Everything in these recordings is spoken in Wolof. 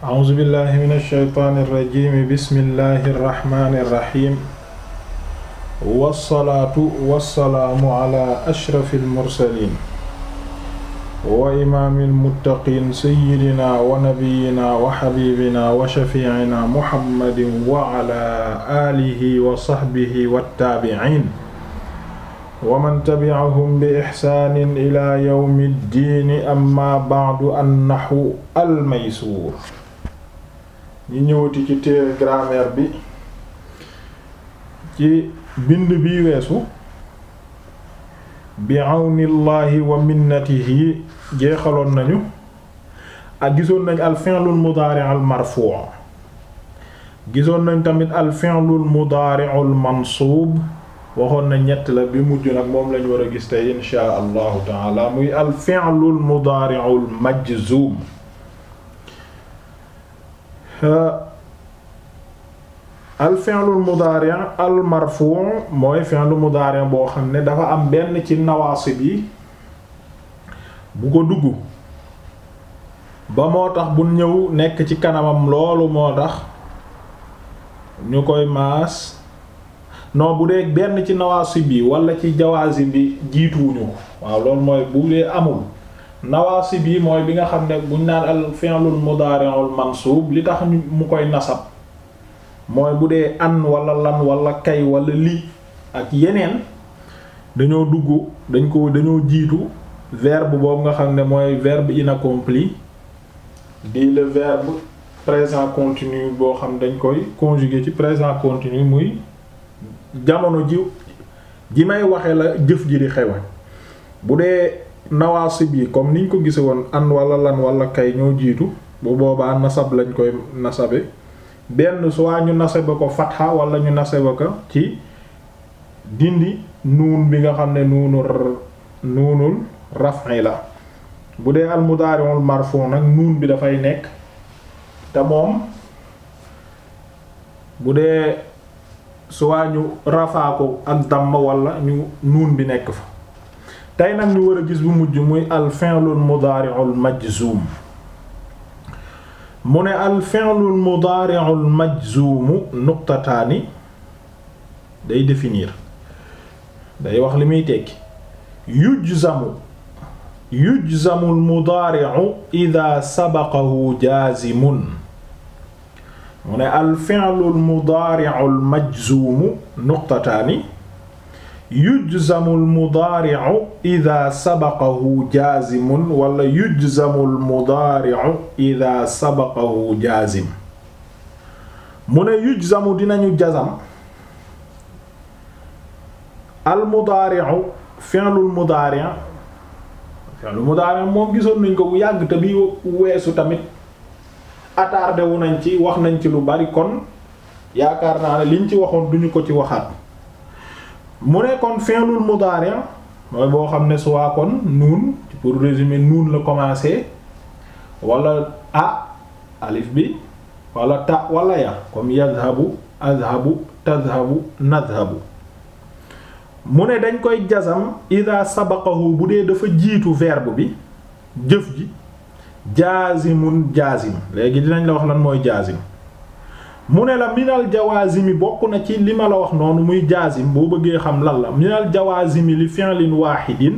أعوذ بالله من الشيطان الرجيم بسم الله الرحمن الرحيم والصلاة والسلام على أشرف المرسلين وإمام المتقين سيدنا ونبينا وحبيبنا وشفيعنا محمد وعلى آله وصحبه والتابعين ومن تبعهم بإحسان إلى يوم الدين أما بعد النحو الميسور ñi ñëwati ci téere grammaire bi ci bind bi weesu bi àwnillaahi wa minnatihi jeexaloon nañu ak gisoon nañ al fi'lul mudaari' al marfu' gisoon nañ tamit al fi'lul mudaari' al mansuub waxoon na ñett la bi mujj nag moom lañu war a gis tey insha allahu taala muy al fi'lul mudaari' al majzuum al fi'lul mudaari' al mooy fi'lu mudaari' boo xam ne dafa am benn ci nawaasib bi bu ko dugg ba moo tax bu ñëw nekk ci kanamam loolu moo tax ñu koy maas non bu dee benn ci nawaasib bi wala ci jawaasi bi jiituwuñu ko waaw mooy bu amul nawaasib bii mooy bi nga xam ne buñ naan al fi'lul mudaari'ul mansuub li tax mu koy nasab mooy bu dee an walla lan wala kay wala lii ak yeneen dañoo dugg dañ ko dañoo jiitu verbe boobu nga xam ne mooy verbe inaccompli di la verbe présent continu boo xam dañ koy conjuguer ci présent continu muy jamono ji ji may waxe la jëf ji di xewe bu dee nawaasib yi comme niñ ko gise woon an walla lan wala kay ñoo jiitu bu boobaa nasab lañ koy nasabe benn soit ñu ko fatha wala ñu nasaba ko ci dindi nuun bi nga xam ne nuunul nuunul la bu dee al mudaari'ul marfu' nag nuun bi dafay nekk te moom bu dee soit ñu rafaa ak damma wala ñu nuun bi nekk fa tey nag ñu war a gis bu mujj muy al fi'lul mudaari'ul majzuum mu ne al fi'lul mudaari'ul majzuumu nuqtataani day définir day wax li muy tekki yujzamu yujzamul mudaari'u idaa sabaqahu jaazimun mu ne al fi'lul mudaari'ul majzuumu nuqtataani yujzamu almudaaricu ida sabaqahu jaazimun wala yujzamu almudaaricu ida sabaqahu jaazim mu ne yujzamu dinañu jazam almudaaricu fi'lul mudaaric fi'lul mudaaric moom gisoon nañ ko bu yàgg te bi weesu tamit attardé nañ ci wax nañ ci lu bari kon yaakaar naa ne liñ ci waxoon duñu ko ci waxaat mu ne kon fi'lul mudari' mooy boo xam ne soit kon nuun pour résumer nuun la commencer walla a alif bi wala ta walla ya comme yadhabu azhabu tadhabu nadhabu mu ne dañ koy jazam ida sabaqahu bu dee dafa jiitu verbe bi jëf ji jaazimun jaazim léegi dinañ la wax lan mooy jaazim mu ne la minal jawaazimi bokk na ci li ma la wax noonu muy jaazim boo bëggee xam lan la minal jawaazimi li waa waahidin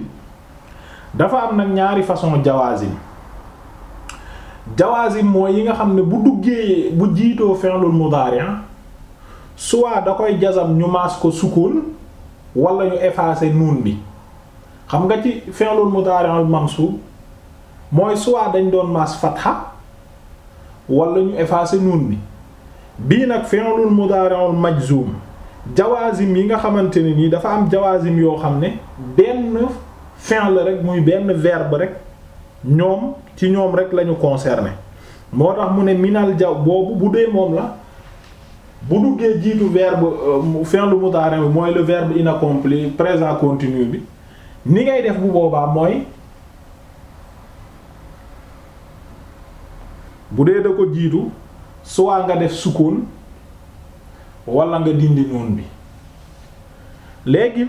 dafa am nag ñaari façon jawaazim jawaazim mooy yi nga xam ne bu duggee bu jiitoo fi'lul mudaari' soit da koy jazam ñu maas ko sukkoon wala ñu effacer nuun bi xam nga ci fi'lul mudaari' al mooy soit dañ doon maas fatha wala ñu effacer nuun bi bii nag fi'lul mudaari'ul majzum jawaazim yi nga xamante ne nii dafa am jawaazim yoo xam ne benn fi'l rek muy benn verbe rek ñoom ci ñoom rek lañu concerné moo tax mu ne minal jaw boobu bu dee moom la bu duggee jiitu verbe euh, fi'l mudaari' bi mooy le verbe inaccompli présent continu bi ni ngay def bu boobaa mooy bu dee da ko jiitu soit nga def sukkoon walla nga dindi noon bi léegi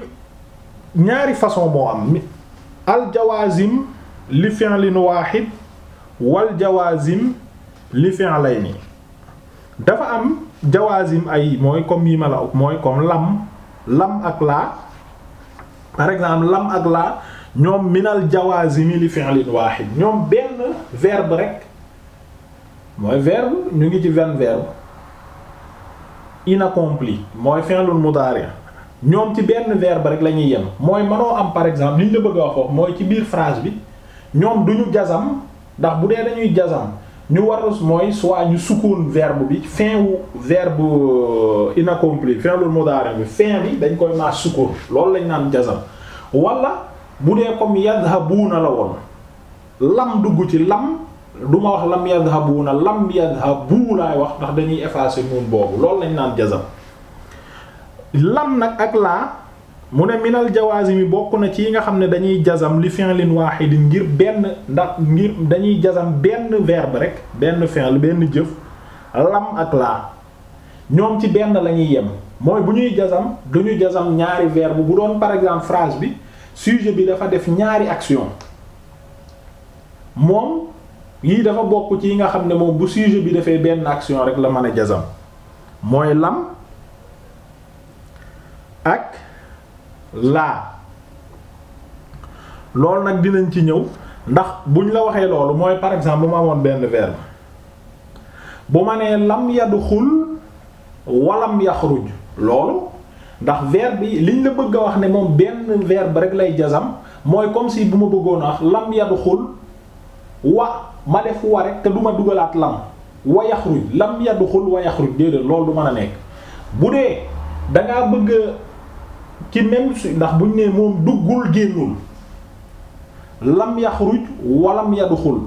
ñaari façon moo am aljawazim li fi'lin wahid wal jawazim li fi'layni dafa am jawazim ay mooy comme yi ma la mooy comme lam lam ak laa par exemple lam ak laa ñoom minal jawazimi li fi'lin wahid ñoom benn verbe rek mooy verbe ñu ngi ci vingt verbe inaccompli mooy fi'lun mudari ñoom ci benn verbe rek la ñuy yem mooy mënoo am par exemple li ñu la bëgg a wax mooy ci biir phrase bi ñoom duñu jasam ndax bu dee dañuy jazam ñu warus mooy soit ñu sukkoon verbe bi fin wu verbe euh, inaccompli fi'lun mudari bi fin bi dañ koy maas sukkoon loolu lañ naan jasam wala bu dee comme yadhabuna la woon lam dugg ci lam du ma wax lam yadhabuuna lam yadhabu laay wax ndax dañuy effacer nuun boobu loolu lañu naan jazam lam nag ak laa mu ne minal jawaazim yi bokk na ci yi nga xam ne dañuy jazam li fi'lin waahidin ngir benn ndax ngir dañuy jazam benn verbe rek benn fi'l benn jëf lam ak laa ñoom ci benn lañuy ñuy yem mooy bu ñuy jazam duñu jazam ñaari verbe bu doon par exemple phrase bi sujet bi dafa def ñaari action moom yii dafa bokk ci yi nga xam ne moom bu sujet bi defee benn action rek la mën a jazam mooy lam ak laa loolu nag dinañ ci ñëw ndax buñ la waxee loolu mooy par exemple bu ma amoon benn verbe bu ma nee lam yadxul loolu ndax verbe yi liñ la bëgg a wax ne moom benn verbe rek lay jasam mooy comme si bu ma bëggoon a wax lam yadxul wa ma def wa rek te du ma dugalaat lam wa yaxruj lam yadxul wa yaxruj déedéet loolu du mën a nekk bu dee dangaa bëgg ci même su ndax buñ ne moom duggul génnul lam yaxruj walam yadxul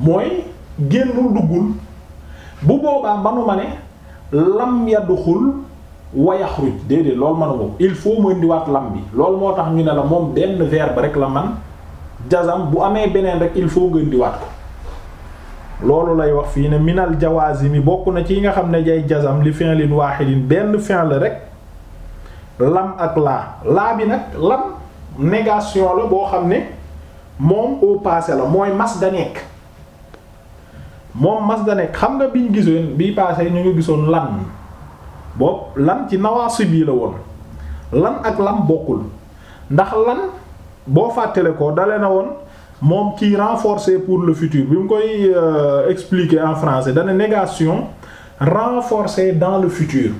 mooy génnul duggul bu boobaa manuma ne lam yadxul wa yaxruj déedéet loolu manuma il faut ma indiwaat lam bi loolu moo tax ñu ne la moom veer ba rek la man jasam bu amee beneen rek il faut nga indiwaat ko loolu lay wax fii ne minal mi bokku na ci yi nga xam ne jay jazam li fi'lin waahidin benn fi'l la rek lam ak laa laa bi nag lam négation la boo xam ne moom au passé la mooy mas da nekk moom mas da nekk xam nga biñ gisoon bii yi ñu ngi gisoon lan boobu lan ci nawaasib yi la woon lan ak lam bokkul ndax lan boo fàttale ko dale na woon moom kii renforcer pour le futur bi mu koy euh, explique en francais dana négation renforcée dans le futur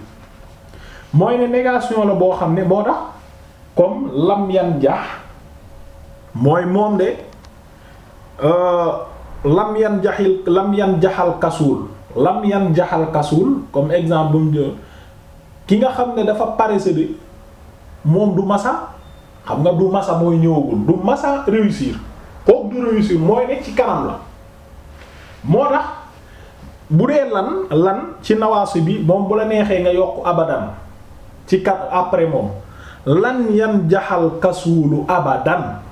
mooy ne négation la boo xam ne boo tax comme lam yan jax mooy moom de euh, lam yan jaxil lam yan jaxal kasuul lam jaxal kasuul comme exemple bu mu jël ki nga xam ne dafa paresseux bi moom du masa xam nga du masa mooy ñëwagul du masa réussir kook du réussir mooy ne ci kanam la moo tax bu dee lan lan ci nawaasi bi moom bu la neexee nga yokk abadan ci kat après moom lan yan jaxal kasuulu abadan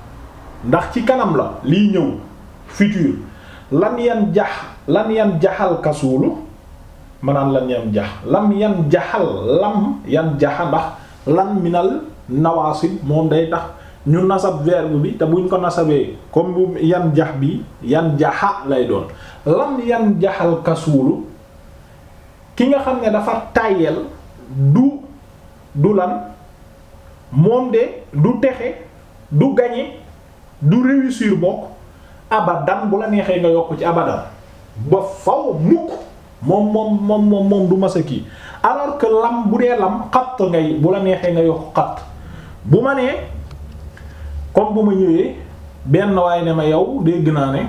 ndax ci kanam la liy ñëw futur lan yan jax lan yan jaxal kasuulu maanaam lan yan jax lam yan jaxal lam yan jaxa ndax lan minal nawaasil moom day tax ñu nasab verbe bi te buñ ko nasabee comme bu yan jax bi yan jaxa lay doon lam yan jaxal kasuulu ki nga xam ne dafa tàyyel du du lan moom de du texe du gañe du réussir bokk abadan bu la neexee nga yokk ci abadan ba faw mukk moom moom moom moom du masa kii alors lam bu dee lam xatt ngay bu la neexee nga yokk xatt bu ma nee comme bu ma ñëwee benn waaye ne ma yow dégg naa ne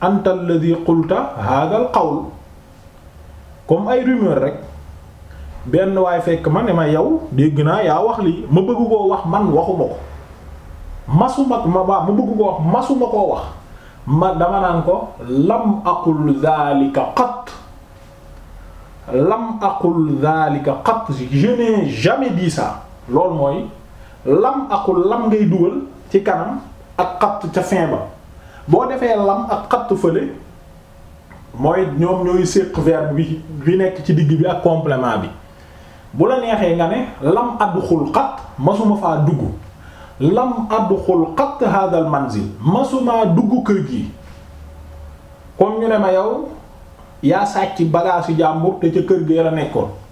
anta alladhi qulta hadha al comme ay rumeur rek benn waay fekk ma ne ma yow dégg naa yaa wax li ma bëgg koo wax man waxuma ko masuma ma waa ma bëgg koo wax masuma koo wax ma dama naan ko lam aqul dhalika qat lam aqul dhalika qat je n'ai jamais dit loolu mooy lam akul lam ngay dugal ci kanam ak xat ca fin ba boo defee lam ak xatt fële mooy ñoom ñooy séq verbe bi bi nekk ci digg bi ak complément bi bu la neexee nga ne lam adxul xatt masuma faa dugg lam adxul xatt hadal manzil masuma dugg kër gi comme ne ma yow yaa sàcc bagage yu jàmbur te ca kër gi la nekkoon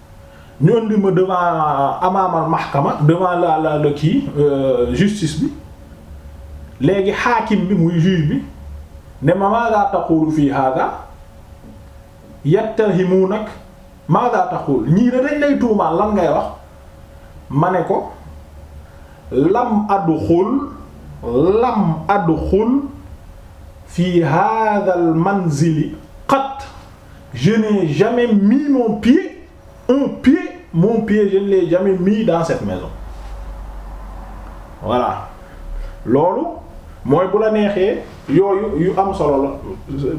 ñu indi ma devant amaamal mahkama devant la la la kii euh, justice bi léegi xaakim bi muy juge bi ne ma maagaa taqulu fii hada yattahimunak maagaa taqul ñii da dañ lay tuumaal lan ngay wax ma ne ko lam adxul lam adxul fi hada al manzili qat je n'ai jamais mis un pied mon pied je ne l'ai jamais mis dans cette maison voilà loolu mooy bu la neexee yooyu yu am solo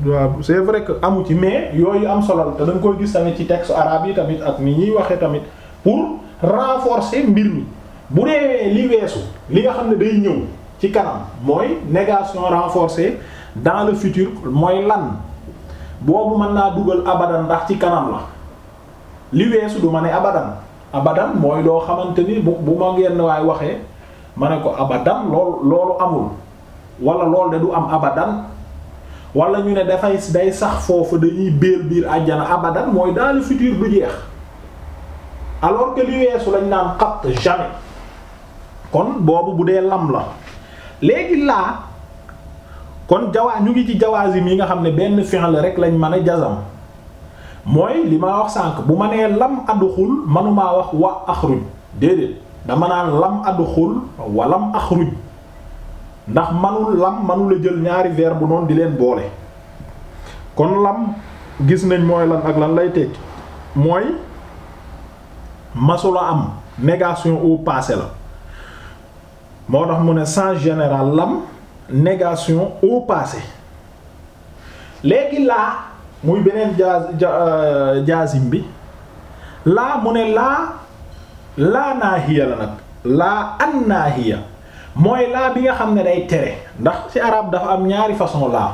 la c'est vrai que amu ci mais yooyu am solo la te dañ koy gis tamit ci texte arabe yi tamit ak ni ñuy waxee tamit pour renforcer mbir mi bu dee li weesu li nga xam ne day ñëw ci kanam mooy négation renforcé dans le futur mooy lan boobu mën naa dugal abadan ndax ci kanam la li weesu du ma ne abadan abadan mooy loo xamante ni bu bu ma ngeen waay waxee ma ne ko abadan loolu loolu amul wala lool de du am abadan wala ñu ne dafay day sax foofu dañuy biir biir àjjana abadan mooy dans le futur du jeex alors que li weesu lañ naan xat jamais kon boobu bu dee lam la léegi laa kon jawaa ñu ngi ci jawaazim yi nga xam ne benn fi'l rek lañ mën a jazam mooy li ma wax sànq bu ma nee lam adxul manumaa wax wa axruj déedéet dama naan lam adxul wa lam axruj ndax manul lam manula jël ñaari verbe bu noonu di leen boole kon lam gis nañ mooy lan ak lan lay tekki mooy masula am négation au passé la moo tax mu ne sens général lam négation au passé léegi laa muy beneen jaa jaazim euh, bi laa mu ne laa laa naahiya la nag laa an naahiya mooy laa bi nga xam ne day tere ndax ci arab dafa am ñaari façon laa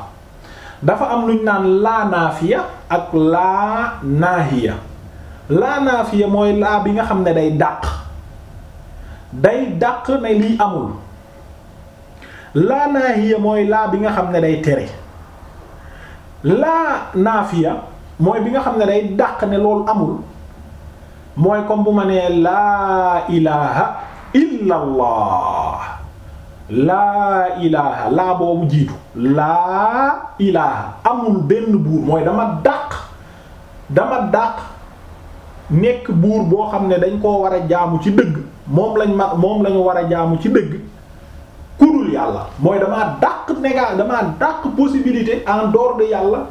dafa am lu ñu naan laa naafiya ak laa naahiya laa naafiya mooy laa bi nga xam ne day dàq day dàq ne lii amul laa naahiya mooy laa bi nga xam ne day tere laa naafiya mooy bi nga xam ne day dàq ne loolu amul mooy comme bu ma nee laa ilaha illa allah laa ilaha laa boobu jiitu laa ilaha amul benn buur mooy dama dàq dama dàq nekk buur boo xam ne dañ koo war a jaamu ci dëgg moom lañ ma moom lañu war a jaamu ci dëgg dul yàlla mooy damaa dàq néga damaa dàq possibilité en dehors de yàlla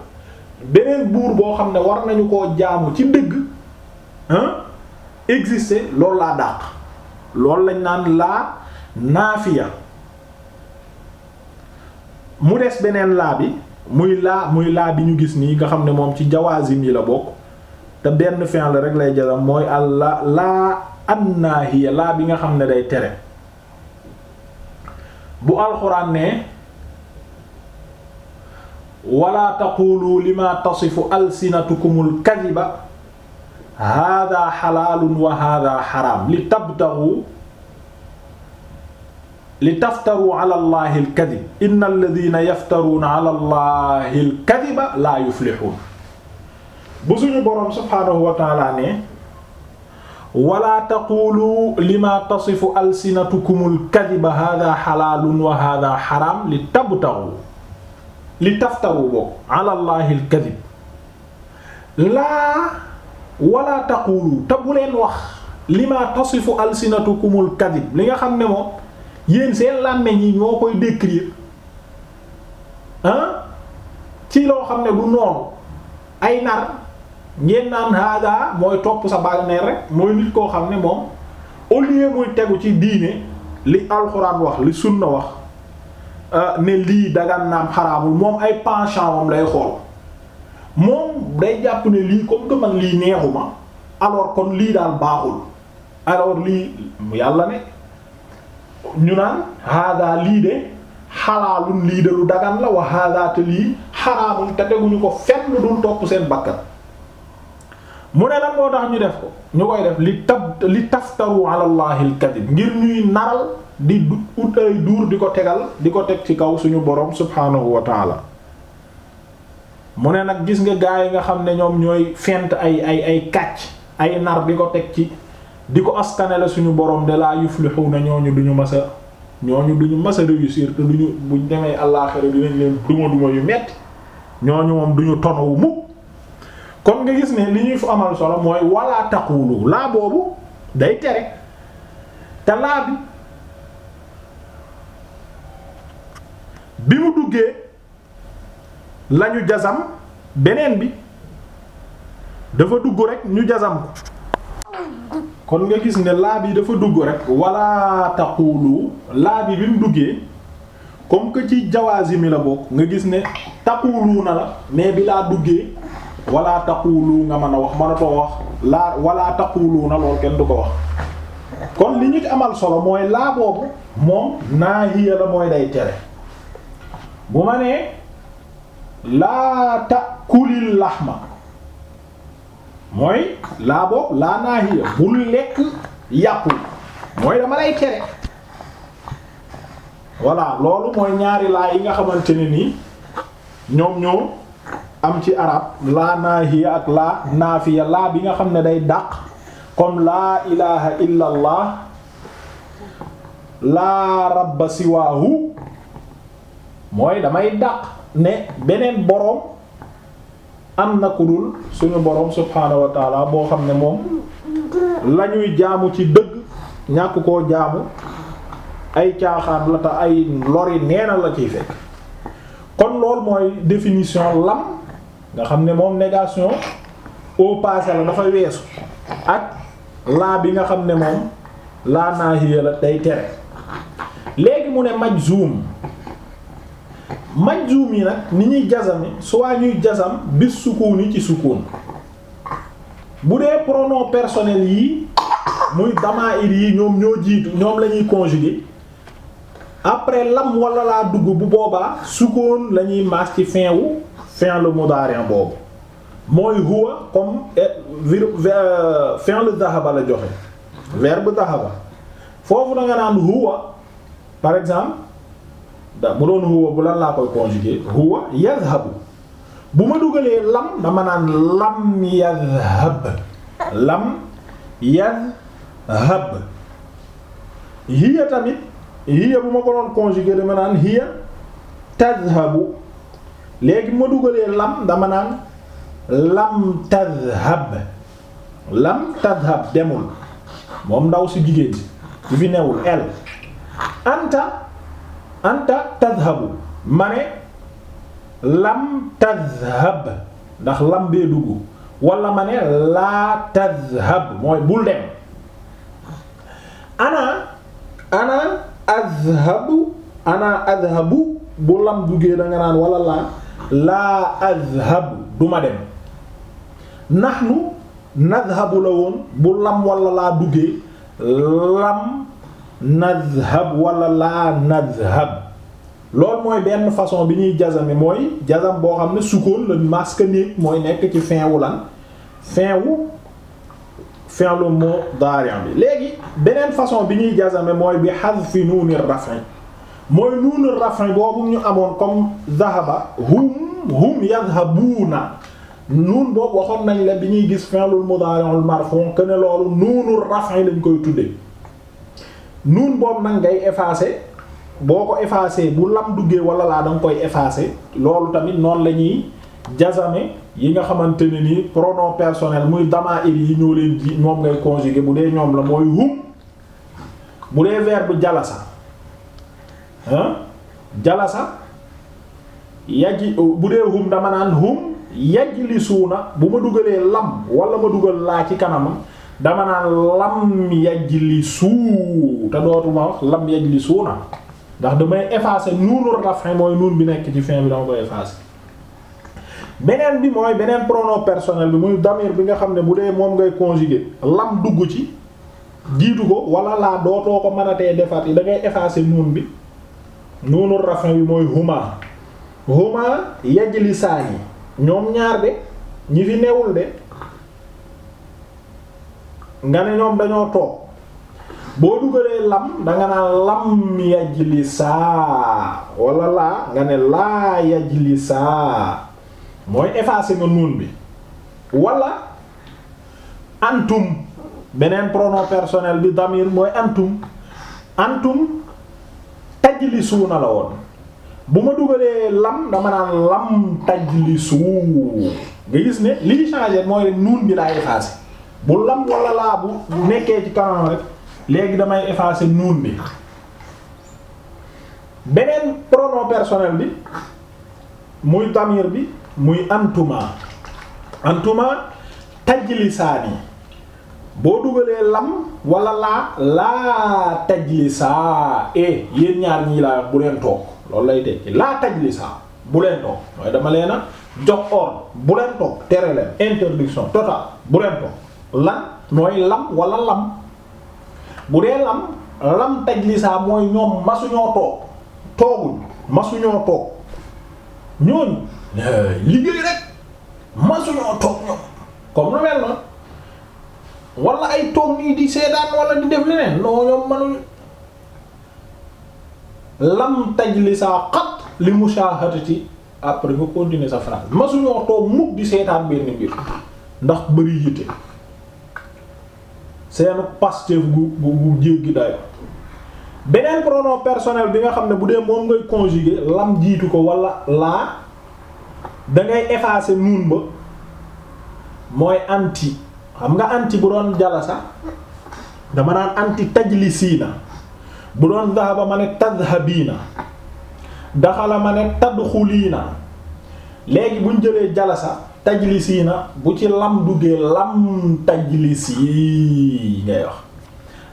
beneen buur boo xam ne war nañu ko jaamu ci dëgg ah exister loolu laa dàq loolu lañ naan laa naafiya mu des beneen laa bi muy laa muy laa bi ñu gis nii nga xam ne moom ci jawaazim yi la bokk te benn fin la rek lay jazam mooy al la laa annaahiya laa bi nga xam ne day tere bu alxuraan ne wala taqulu lima tasifu alsinatukumul kadiba hada xalaalun wa hada xaraam li tabtaru li taftaru ala allahi alkadib inna alladina yaftaruuna ala allahi alkadiba laa yuflixuun bu suñu boroom subhaanahu wa taala ne wala taqulu lima tasifu alsinatukumul kadiba hada xalaalun wa hada xaraam li tabtaru li taftaru boobu wax lima tasifu alsinatukumul kadib li nga xam ne moom yéen seen làmmeñ yi ñoo koy décrire ah ci loo xam ne du noonu ay nar ngeen naan hada mooy topp sa bànneex rek mooy nit koo xam ne moom au lieu muy tegu ci diine li alxuraan wax li na wax euh, ne lii dagan naam xaraamul moom ay penchant moom lay xool moom day jàpp ne lii comme que man lii ma alors kon lii daal baaxul alors lii yàlla ne ñu naan hada lii de xalaalun lii de lu dagan la wa hada te lii xaraamul te teguñu ko fenn dul topp seen bakkan mu ne lan moo tax ñu def ko ñu koy def li tab li taftaru ala allahi ngir ñuy naral di ut ay duur di ko tegal di ko teg ci kaw suñu borom subhaanahu wa taala mu ne nag gis nga gaa yi nga xam ne ñoom ñooy fent ay ay ay kàcc ay nar di ko teg ci di ko askanele suñu borom de laa yuflihuna ñooñu duñu mas a ñooñu duñu mas a duñu buñ demee àllaaxira dinañ leen duma duma yu metti ñooñu moom duñu tonowu mukk kon nga gis ne li ñuy fa amal solo mooy wala taqulu laa boobu day tere te bi bi mu duggee lañu jasam beneen bi dafa dugg rek ñu jasam ko kon nga gis ne laa bi dafa dugg rek walla taqulu laa bi bi mu duggee comme que ci jawaasi mi la bokk nga gis ne taqulu na la mais bi laa duggee wala taqulu nga mën a wax koo wax laa wala taqulu na lool kenn du ko wax kon li ñu amal solo mooy laa boobu moom naahiya la mooy day tere bu ma nee laa takulil ma mooy laa boobu laa naahiya bul lekk yàpp mooy dama lay tere voilà loolu mooy ñaari laa yi nga xamante ne nii ñoom ñoo am ci arab laa naahiya ak laa naafiya laa bi nga xam ne day dàq comme laa ilaha illa allah laa rabba siwaahu mooy damay dàq ne beneen boroom am na ku dul suñu boroom subhaanahu wa boo xam ne moom la ñuy jaamu ci dëgg ñàkk koo jaamu ay caaxaan lata te ay lori neena la ciy fekk kon loolu mooy définition lam nga xam ne moom négation au passé la dafa weesu ak laa bi nga xam ne moom laa naahiya la day tere léegi mu ne majzum majzum yi nag ni ñuy jazami soit ñuy jazam bis sukuni ci sukun bu dee pronom personnel yi muy damair yi ñoom ñoo jiitu ñoom la ñuy après lam wala laa dugg bu boobaa sukun la ñuy maas ci fin wu fi'l mudaari boobu mooy huwa comme eh, verbe euh, fi'l dhahaba la joxe verbe dhahaba foofu da naan huwa par exemple da bu doon huwa bu lan laa koy conjuguer huwa yadhabu bu ma dugalee lam dama naan lam yadhab lam yadhab hiya tamit hiya bu ma ko doon conjuguer dama naan hiya tadhabu léegi ma dugalee lam dama naan lam tadhab lam tadhab demul moom ndaw si jigéen si fi newul el anta anta tadhabu ma ne lam tadhab ndax lam bee dugg wala ma ne laa tadhab mooy bul dem ana ana adhabu ana adhabu bu lam duggee da naan wala laa laa azhabu du ma dem nahnu nadhabu la woon bu lam walla laa duggee lam nadhab walla laa nadhab loolu mooy benn façon bi ñuy jazame mooy jazam boo xam ne sukkoon la masque néeg mooy nekk ci fin wu lan fin wu fin lu moo bi léegi beneen façon bi ñuy jazame mooy bi hadfi nuuni rafin mooy nuunu rafin boobu ñu amoon comme zahaba hum hum yadhabuuna nuun boobu waxoon nañ la bi ñuy gis fi'lul mudari'ul marfu' que ne loolu nuunu rafin lañ koy tudde nuun boobu nag ngay effacer boo ko effacer bu lam duggee wala laa da koy effacer loolu tamit noonu la ñuy jazame yi nga xamante ne ni pronom personnel muy damaa'ir yi ñoo leen moom ñoom ngay conjuguer bu dee ñoom la mooy hum bu dee verbe jalasa jalasa yaji bu dee hum dama naan hum yajlisuuna bu ma dugalee lam wala ma dugal laa ci kanamam dama naan lam yajlisuu te dootuma wax lam yajlisuuna ndax damay effacer nuunu rafin mooy nuun bi nekk ci fin bi dama koy effacer beneen bi mooy beneen pronom personnel bi mu damir bi nga xam ne bu dee moom ngay conjuguer lam dugg ci jiitu ko wala laa dootoo ko mënatee defaat yi da ngay effacer nuun bi nuunu rafin yi mooy huma huma yajlisaani ñoom ñaar de ñi fi newul de nga ne ñoom dañoo toog boo dugalee lam danga naan lam yajlisaa wala laa nga ne laa yajlisaa mooy effacé nga nuun bi walla antum beneen pronom personnel bi damir mooy antum antum tajlisuuna la woon bu ma dugalee lam dama naan lam tajlisu nga gis ne lii changé mooy nuun bi laay effacé bu lam wala laa bu nekkee ci kanam rek léegi damay effacé nuun bi beneen pronom personnel bi muy damir bi muy antuma antuma tajlisaani boo dugalee lam wala laa laa tajlisaa e yéen ñaar ñii laa bu leen toog loolu lay tekki laa tajlisaa bu leen toog mooy dama leen jox or bu leen toog tere leen interdiction totale bu leen toog lan mooy lam wala lam bu dee lam lam tajlisaa mooy ñoom masuñoo toog tooguñ masuñoo toog ñooñu eh, liggéey rek masuñoo toog ñoom comme lu mel noonu wala ay toog nii di seetaan wala di def leneen non ñoom manuñu lam tajlisa qat li mushahadati après nga continuer sa phrase masuñoo toog mukk di seetaan benn mbir ndax bëri yitte seen pastef gu beneen pronom personnel bi nga xam ne bu dee moom ngay conjuguer lam jiitu ko walla laa da ngay effacer ba mooy anti xam nga anti bu doon jalasa dama naan anti sii tajlisiina bu doon dahaba ma ne tadhabiina daxala ma ne tadxuliina léegi buñ jëlee jalasa na bu ci lam duggee lam tajlisi ngay wax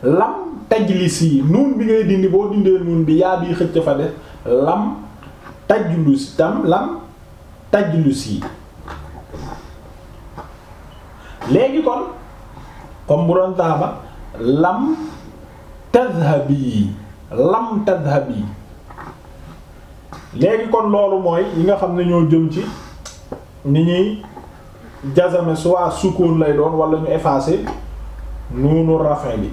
lam tajlisi nuun bi ngay dindi boo dindee nuun bi yaa bi xëcc fa def lam tajlusi tam lam tajlusi léegi kon comme bu doon taaba lam tadhabi lam tadhabi léegi kon loolu mooy yi nga xam ne ñoo jëm ci ni ñuy jazame soit sukkoon lay doon wala ñu effacer nuunu rafin bi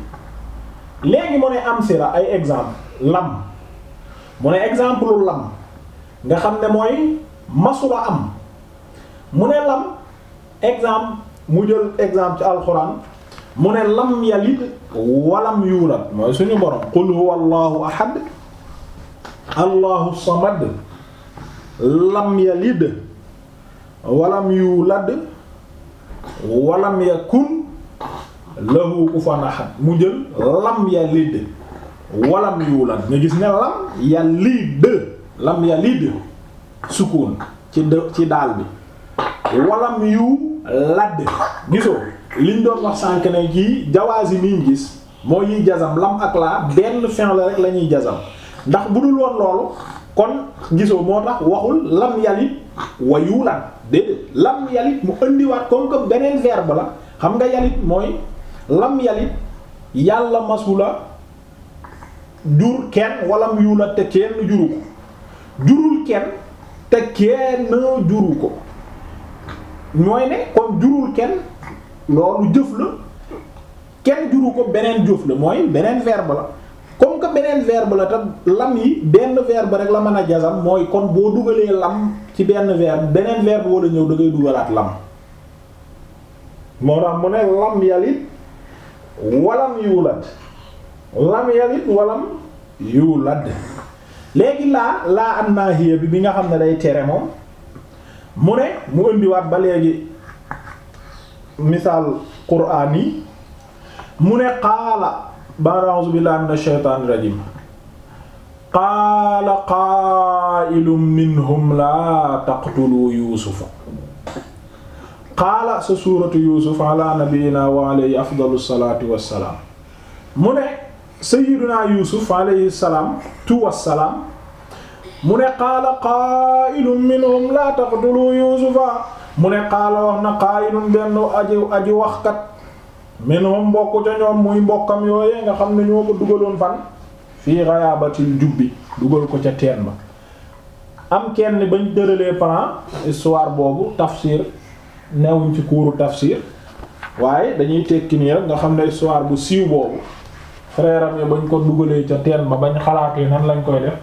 léegi mu ne am sira ay exemple lam mu ne exemple lam nga xam ne mooy masula am mu ne lam exemple mu jël exemple ci alxuraan mu ne lam yalid walam yuulad mooy suñu borom qul huwa allahu ahad allahu samad lam yalid walam yuulad walam yakun lahu kufuwan ahad mu jël lam yalid walam yuulad nga gis ne lam yalid lam yalid sukun ci d ci daal bi walam yu ladd gisoo liñ doon wax sànq ne kii jawaas yi niñ gis moo yiy jazam lam ak laa benn fin la rek la ñuy jazam ndax bu dul woon loolu kon gisoo moo tax waxul lam yalit wa yuulan déedéet lam yalit mu indiwaat comme que beneen verbe la xam nga yalit mooy lam yalit yàlla masula jur kenn wala mu yuula te kenn juru ko jurul kenn te kenn juru ko ñooy ne kon jurul kenn loolu jëf la kenn juru ko beneen jëf la mooy beneen verbe la comme que beneen verbe la te lam yi benn verbe rek la mën a jazam mooy kon boo dugalee lam ci benn verbe beneen verbe wala ñëw da ngay dugalaat lam moo tax mu ne lam yalit walam yuulad lam yalit walam yuulad léegi laa laa am naa hiya bi bi nga xam ne day tere moom mu ne mu indiwaat ba léegi misaal quraan yi mu ne qaala ba'da a'uuzu billahi minash shaytaanir rajiim qaala qaa'ilun minhum laa taqtuluu yuusufa qaala sa suuratu yuusuf ala nabiyyinaa wa alayhi afdalu salaatu wassalaam mu ne sayyidunaa yuusuf alayhi salaam tu wassalaam mu ne qaala qaa'ilun minhum laa taqtulu yuusufa mu ne qaala wax na qaa'ilun benn aji aji kat minhum mbokk ca ñoom muy mbokkam yooyee nga xam ne ñoo ko dugaloon fan fii ghayaabatil jubbi dugal ko ca teen ba am kenn bañ dëralee plan histoire boobu tafsir newuñ ci kuuru tafsir waaye dañuy tekki nii rek nga xam ne histoire bu siiw boobu frère am bañ ko dugalee ca teen ba bañ xalaatee nan lañ koy def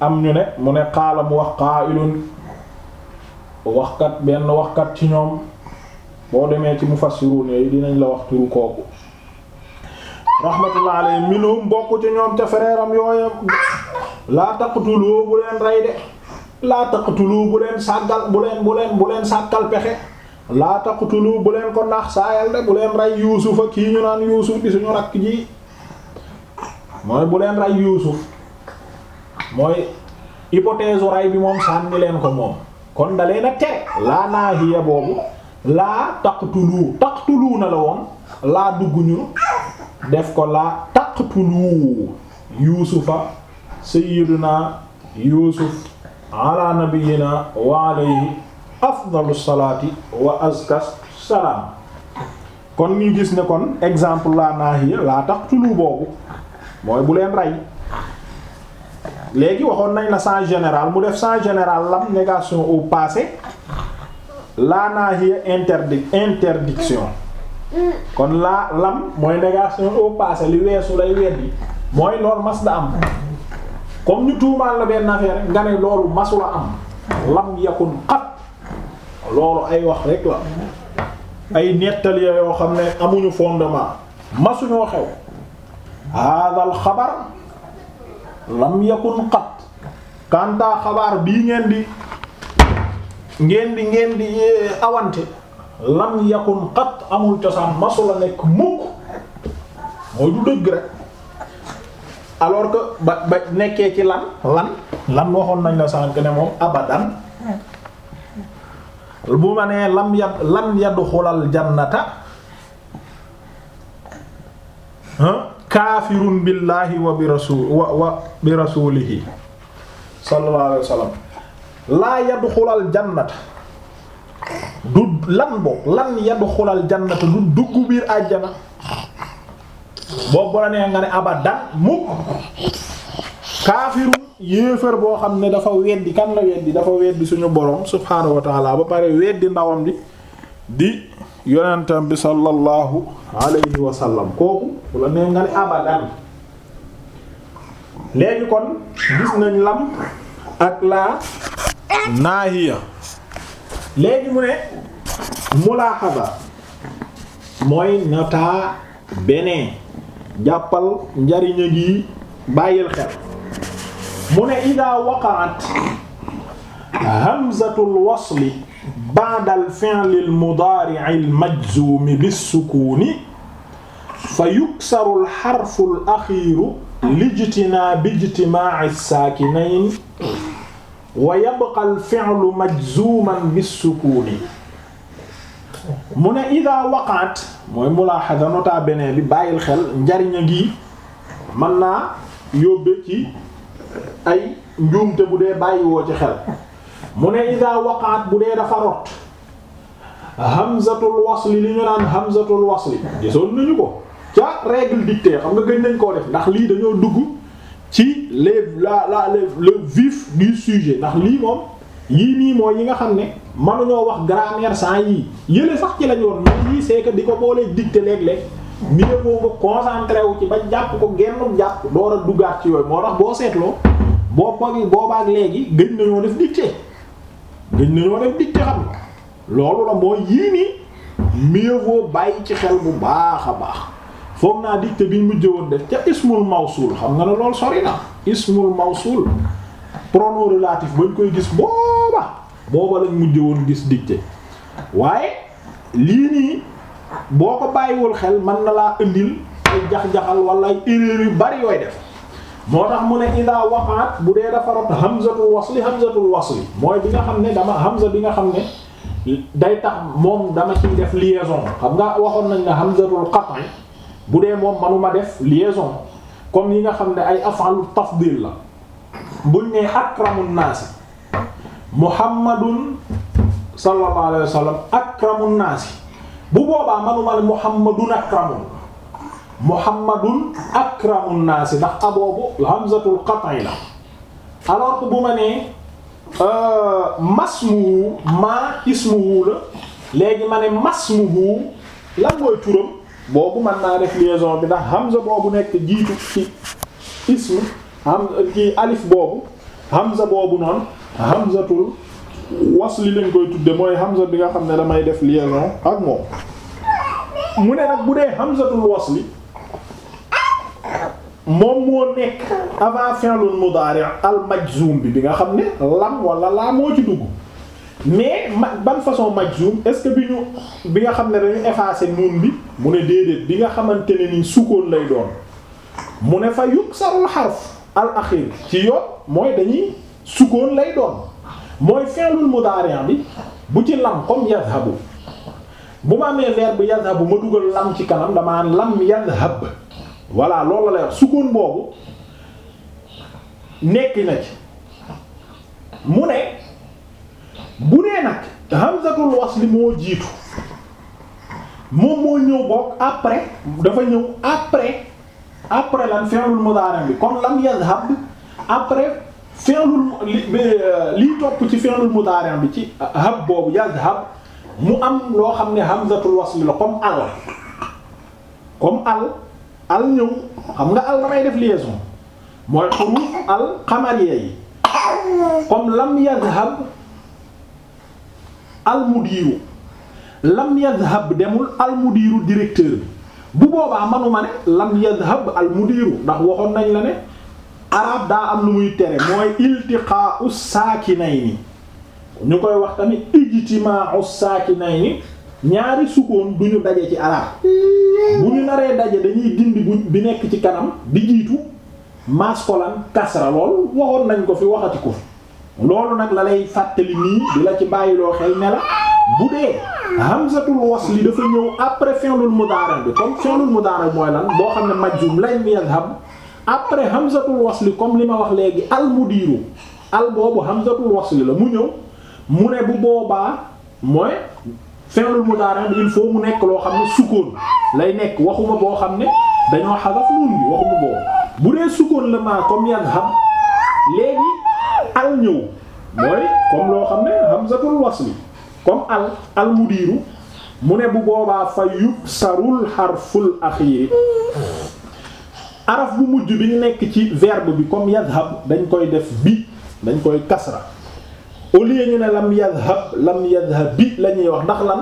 am ñu ne mu ne xaala mu wax qaa'ilun waxkat benn waxkat ci ñoom boo demee ci mufassirun yi dinañ la wax turu kooku rahmatullah alayhi minhum bokk ci ñoom ca frère am yooye laa taqtulu bu leen rey de laa taqtulu bu leen sàggal bu leen bu bu leen sàkkal pexe laa taqtulu bu leen ko nax saayal de bu leen rey yuusufa kii ñu naan yuusuf di suñu rakk ji mooy bu leen rey yuusuf mooy hypothèse ray bi moom sànni leen ko moom kon dalee na tere laa naahiya boobu laa taqtulu taqtulu na la woon laa dugg ñu def ko laa taqtulu yuusufa sayyiduna yuusuf ala nabiyyina wa alayhi afdalu salaati wa azka salaam kon ñu gis ne kon exemple laa naahiya laa taqtulu boobu mooy bu leen rey léegi waxoon nañ la sens général mu def sens général lam négation au passé laa naahiya interdi interdiction kon laa lam mooy négation au passé li weesu lay weddi mooy loolu mas da am comme ñu tuumaal la benn affaire nga ne loolu masula am lam yakun xat loolu ay wax rek la ay nettali yoo xam ne amuñu fondement masuñoo xew hadal xabar lam yakun qat kanta xabaar bii ngeen di ngeen di ngeen di eh, awante lam yakun xat amul cosaan masu la nekk mukk mooy du dëgg rek alors que ba ba nekkee ci lan lan lan waxoon nañ la sànq ne moom abadan bu ma nee lam ya lan yadxulal jannata hein kaafirun billaahi wa bi rasul wa wa bi rasulihi sallallahu wa sallam laa yadxulal jannata du du dugg biir àjjana boobu la nee nga ne abadan mukk kaafirun yéefar boo xam ne dafa weddi kan la weddi dafa weddi suñu borom subhaanahu wa taala ba pare weddi ndawam bi di yonentam bi sallallahu alayhi wa sallam kooku wala nee nga ne abadan léegi kon gis nañ lam ak laa naahiya léegi mu ne mulaaxaba mooy nataa benee jàppal njariñ gi bàyyil xel mu ne idaa waqa'at hamzatul wasli ba'da al-fi'l al-mudaari' al-majzuum bis-sukuuni fa yuksaru al-harfu al-axiiru lijtinaabi ijtimaa'i as-saakinayni wa yabqa al-fi'lu majzuuman bis bene bi bàyyil xel njariñ gi ngi mën naa yóbbe ci ay njuumte bu dee bàyyiwoo ci xel mu ne idaa waqaat bu dee dafa rot hamzatul wasli li ñu naan hamzatul wasli gisoon nañu ko ca règle dictée xam nga gën nañ koo def ndax lii dañoo dugg ci les la la le vif du sujet ndax lii moom yii nii mooy yi nga xam ne mënuñoo wax grammaire sans yii yële sax ci lañ woon mais yii c'est que di ko boolee dictée léeg-léeg mieux vaut nga concentré wu ci ba jàpp ko gennum jàpp door a duggaat ci yooyu moo tax boo seetloo boo pagi boobaak léegi gën nañoo def dictée gëj nañoo def digte xam loolu la mooy yii nii mieux bàyyi ci xel bu baax a baax foog naa digte bi mujj woon def ca ismul mawsul xam nga ne lool sori na ismul mawsul pronom relatif bañ koy gis booba booba lañ mujj woon gis digte waaye lii nii boo ko bàyyiwul xel man na laa indil ay jax-jaxal wala ay erreur yu bari yooy def moo tax mu ne ida waqaat bu dee dafa rot hamzatul wasli hamzatul wasli mooy bi nga xam ne dama hamza bi nga xam ne day tax moom dama ciy def liaison xam nga waxoon nañ ne hamzatul qat'i bu dee moom manuma def liaison comme yi nga xam ne ay af'alu tafdil la buñ ne akramun naasi muhammadun sallallahu alayhi wa sallam akramun naasi bu boobaa manuma ne muhammadun akramun muhammadun akramun naasi ndax a boobu hamzatul qat'i la alors que bu ma nee euh, masmuhu maa ismuhu la léegi ma ne masmuhu lan mooy turam boobu mën naa def liaison bi ndax hamza boobu nekk jiitu ci ismu ham ci alif boobu hamza boobu noonu hamzatul wasli lañ koy tudde mooy hamza bi nga xam ne damay def liaison ak moom mu ne nag bu dee hamzatul wasli moom moo nekk avant fi'lul mudari' al majzum bi bi nga xam ne lam wala laa moo ci dugg mais ban façon majzum est-ce que bi ñu bi nga xam ne dañu effacer nuun bi mu ne déedéet bi nga xamante ne nii sukkoon lay doon mu ne fa yuksarul xarf al axir ci yoon mooy dañuy sukkoon lay doon mooy fi'lul mudari' bi bu ci lam comme yazhabu bu ma amee verbe yazhabu ma dugal lam ci kanam damaa lam yazhab voilà loolu la wax sukkoon boobu nekk na ci mu ne bu dee nag hamzatul wasli moo jiitu moom moo ñëw bokk après dafa ñëw après après lan fi'lul mudari bi kon lam yazhab après fi'lul li euh, topp ci fi'lul mudari bi ci hab boobu yazhab mu am loo xam ne hamzatul wasli la comme al comme al al ñëw xam nga al damay def liaison mooy xuruf al xamariya yi comme lam yazhab al mudiru lam yazhab demul al mudiru directeur bu boobaa manuma ne lam yazhab al mudiru ndax waxoon nañ la ne arab daa am lu muy tere mooy iltiqa'u saakinayni ñu koy wax tamit ijtima'u saakinayni ñaari sukkoon du ñu daje ci arab bu ñu naree daje dañuy dindi bu bi nekk ci kanam di jiitu maskolan kasra lool waxoon nañ ko fi waxati ko loolu nag la lay fàttali nii di la ci bàyyiloo xel ne la bu dee hamzatul wasli dafa ñëw après fi'lul mudari bi comme mu mudari mooy lan boo xam ne majjum lañ bi yazhab après hamzatul wasli comme li ma wax léegi al mudiru al boobu hamzatul wasli la mu ñëw mu ne bu boobaa mooy fi'l mudari il faut mu nekk loo xam ne sukkoon lay nekk waxuma boo xam ne dañoo xalaf nun bi waxuma boobu bu dee sukkoon la maa comme yadhab léegi al ñëw mooy comme loo xam ne hamzatul wasli comme al al mudiru mu ne bu boobaa fa yuksarul xarful axiiri araf bu mujj bi nekk ci verbe bi comme yadhab dañ koy def bi dañ koy kasra au lieu ñu ne lam yadhab lam yadhab bi la ñuy wax ndax lan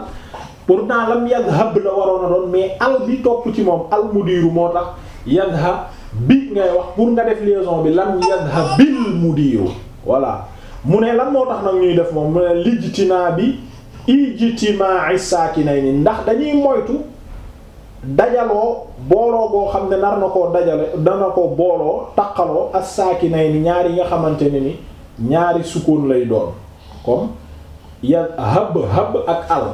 pourtant lam yadhab la waroon a doon mais al bi topp ci moom al diiru moo tax yadhab bi ngay wax pour nga def liaison bi lam yadhab bil mudiiru voilà mu ne lan moo tax nag ñuy def moom mu ne lijtinaa bi ijtimaa'i ni ndax dañuy moytu dajaloo booloo boo xam ne nar na ko dajale dana ko booloo taqaloo as saakinayni ñaar yi nga xamante ne ni ñaari sukkoon lay doon comme ya hab hab ak al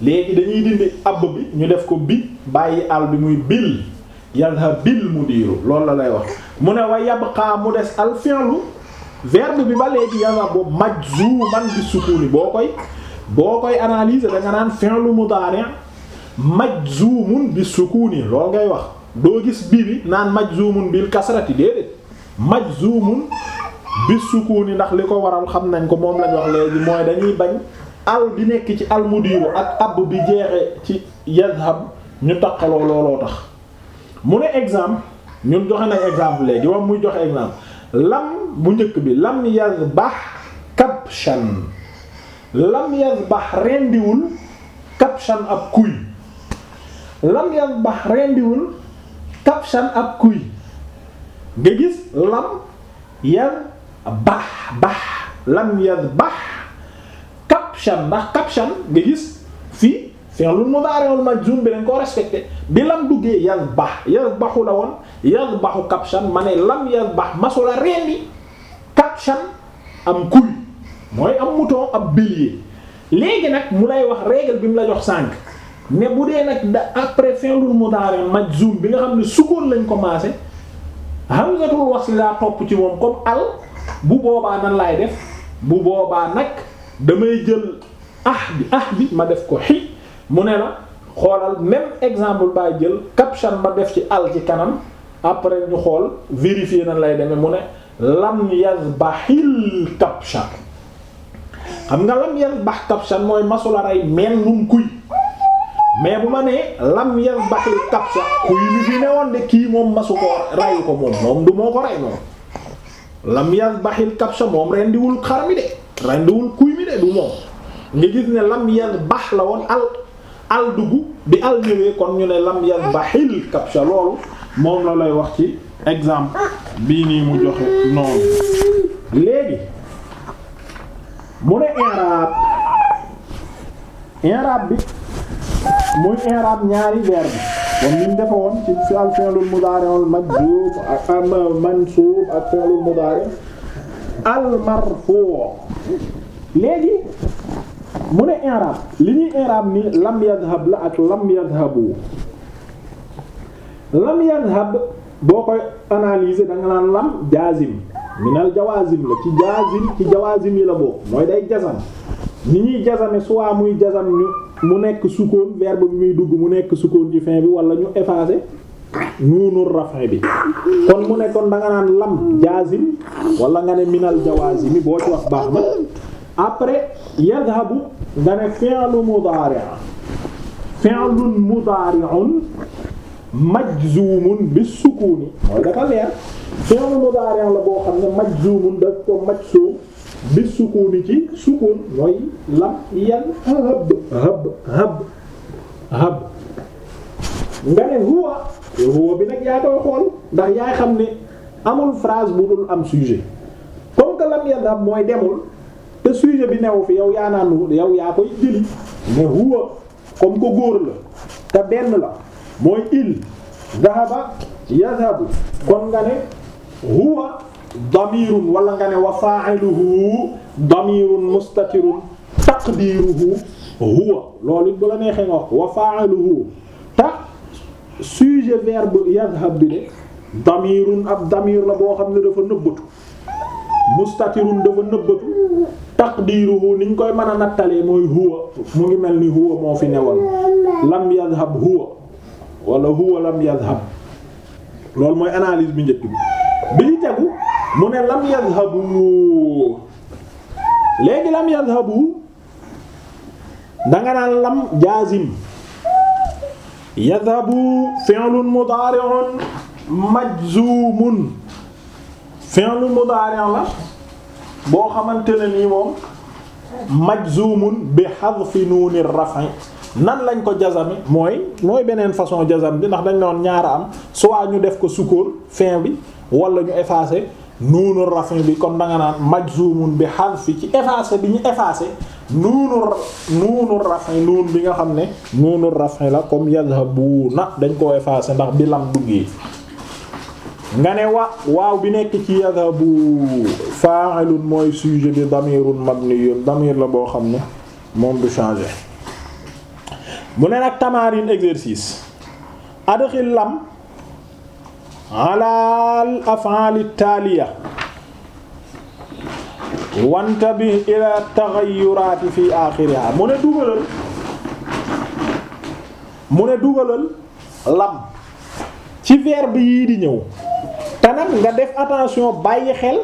léegi dañuy dindi ab bi ñu def ko bi bàyyi al bi muy bil yadhab bil mudiru loolu la lay wax mu ne wa yabqa mu des al fi'lu verbe bi ba léegi yadhab boobu majzuman bi sukuni boo koy boo koy analyser da nga naan fi'lu mudari' majzumun bi sukuni loolu ngay wax doo gis bi bi naan majzumun bil kasrati déedéet majzumun bis sukkuuni ndax li ko waral xam nañ ko moom lañ wax léegi mooy dañuy bañ al bi nekk ci almudiiru ak ab bi jeexe ci yazhab ñu taqaloo looloo tax mu ne exemple ñun joxe nañ exemple léegi moom muy joxe exemple lam bu njëkk bi lam yazbah kabshan lam yazbah rendiwul kabshan ab kuy lam yazbah rendiwul kabshan ab kuy nga gis lam yan bax bax lam yadbax kapshan ndax kapshan nga gis fii fi'lul mudari'ul majzum bi dañ koo respecté bi lam duggee yadbax yadbaxu la woon yadbaxu kapshan ma ne lam yadbax masula rendi kapshan am kuy mooy am mouton ab bélier léegi nag mu lay wax règle bi mu la jox sànq ne bu dee nag da après fi'lul mudari' majzum bi nga xam ne sukkoon lañ commencé hamzatul wasl laa topp ci moom comme al bu boobaa nan laay def bu boobaa nag damay jël ah bi ah bi ma def ko xi mu ne na xoolal même exemple baa jël caption ma def ci al ci kanam après ñu xool vérifier nan lay demee mu ne lam yazbahil caption xam nga lam yazbah caption mooy masula rey meen nun kuy mais bu ma nee lam yazbahil caption kuy mi fi ne woon de kii moom masu ko reyu ko moom moom du moo ko rey noonu lam yadbahil kabsha moom rendiwul xar mi de rendiwul kuy mi de du moom nga gis ne lam yadbah la woon al al dugg bi al ñëwee kon ñu ne lam yadbahil kabsha loolu moom la lay wax ci exemple bi nii mu joxe noonu léegi mu ne i'rab i'rab bi muy i'rab ñaari verbe kon ni ñu ci fi al fi'lul mudari al majzum ak am mansub ak fi'lul mudari al marfu léegi mu ne i'rab li ñuy i'rab ni lam yadhhab la ak lam yadhhabu lam yadhhab boo koy analyser da naan lam jaazim minal jawaazim la ci jaazim ci jawaazim yi la bokk mooy day jazam ni ñuy jazame soit muy jazam ñu mu nekk sukkoon verbe bi muy dugg mu nekk sukkoon ci fin bi wala ñu effacer nuunul rafin bi kon mu ne kon da naan lam jaazim wala nga ne minal jawaazimi boo ci wax baax na après yadhabu nga ne fi'lu mudari' fi'lun mudari'un majzumun bi sukuni mooy dafa leer fi'lu mudari' la boo xam ne majzumun daf ko majzum bi sukkooni ci sukkoon mooy lam yan hëb hëb hëb nga ne huwa huwa bi nag yaa koy xool ndax yaay xam ne amul phrase bu dul am sujet comme que lam yan hëb mooy demul te sujet bi newu fi yow yaa naan yow yaa koy jëli ne huwa comme ko góor la te benn la mooy il dahaba yadhabu kon nga ne huwa damirun walla nga ne wa fa'iluhu damirun mustatirun taqdiruhu huwa loolu bu la neexee nga wax wa fa'iluhu ta sujet verbe yadhhab bi de damirun ab damir la boo xam ne dafa nëbbatu mustatirun dafa nëbbatu taqdiruhu niñ koy mën a nattalee mooy huwa mu ngi mel ni huwa moo fi newoon lam yadhhab huwa wala huwa lam yadhhab loolu mooy analyse bi njëkk bi mu ne lam yadhabu léegi lam yadhabu danga naan lam jaazim yadhabu fi'lun mudari'un majzumun fi'lun mudari'un la boo xamante ne nii moom majzumun bi hadfi nuuni raf'i nan lañ ko jazami mooy mooy beneen façon jazam bi ndax dañ ne woon ñaara am soit ñu def ko sukkoon fin bi wala ñu effacer nuunu rafin bi comme da nga naan majzumun bi hadfi ci effacé bi ñu effacé nuunu nuunu rafin nuun bi nga xam ne nuunu rafin la comme yadhabuna dañ koo effacé ndax bi lam duggee nga ne wa waaw bi nekk ci yadhabu fa'ilun mooy sujet bi damirun mabniyun damir la boo xam ne moom du changer mu ne nag tamarin exercice adxil lam alaal afaali taaliya wanta bi ila taxayuraati fi aaxiriha mu ne dugalal mu ne dugalal lam ci verbe yii di ñëw te nag nga def attention bàyyi xel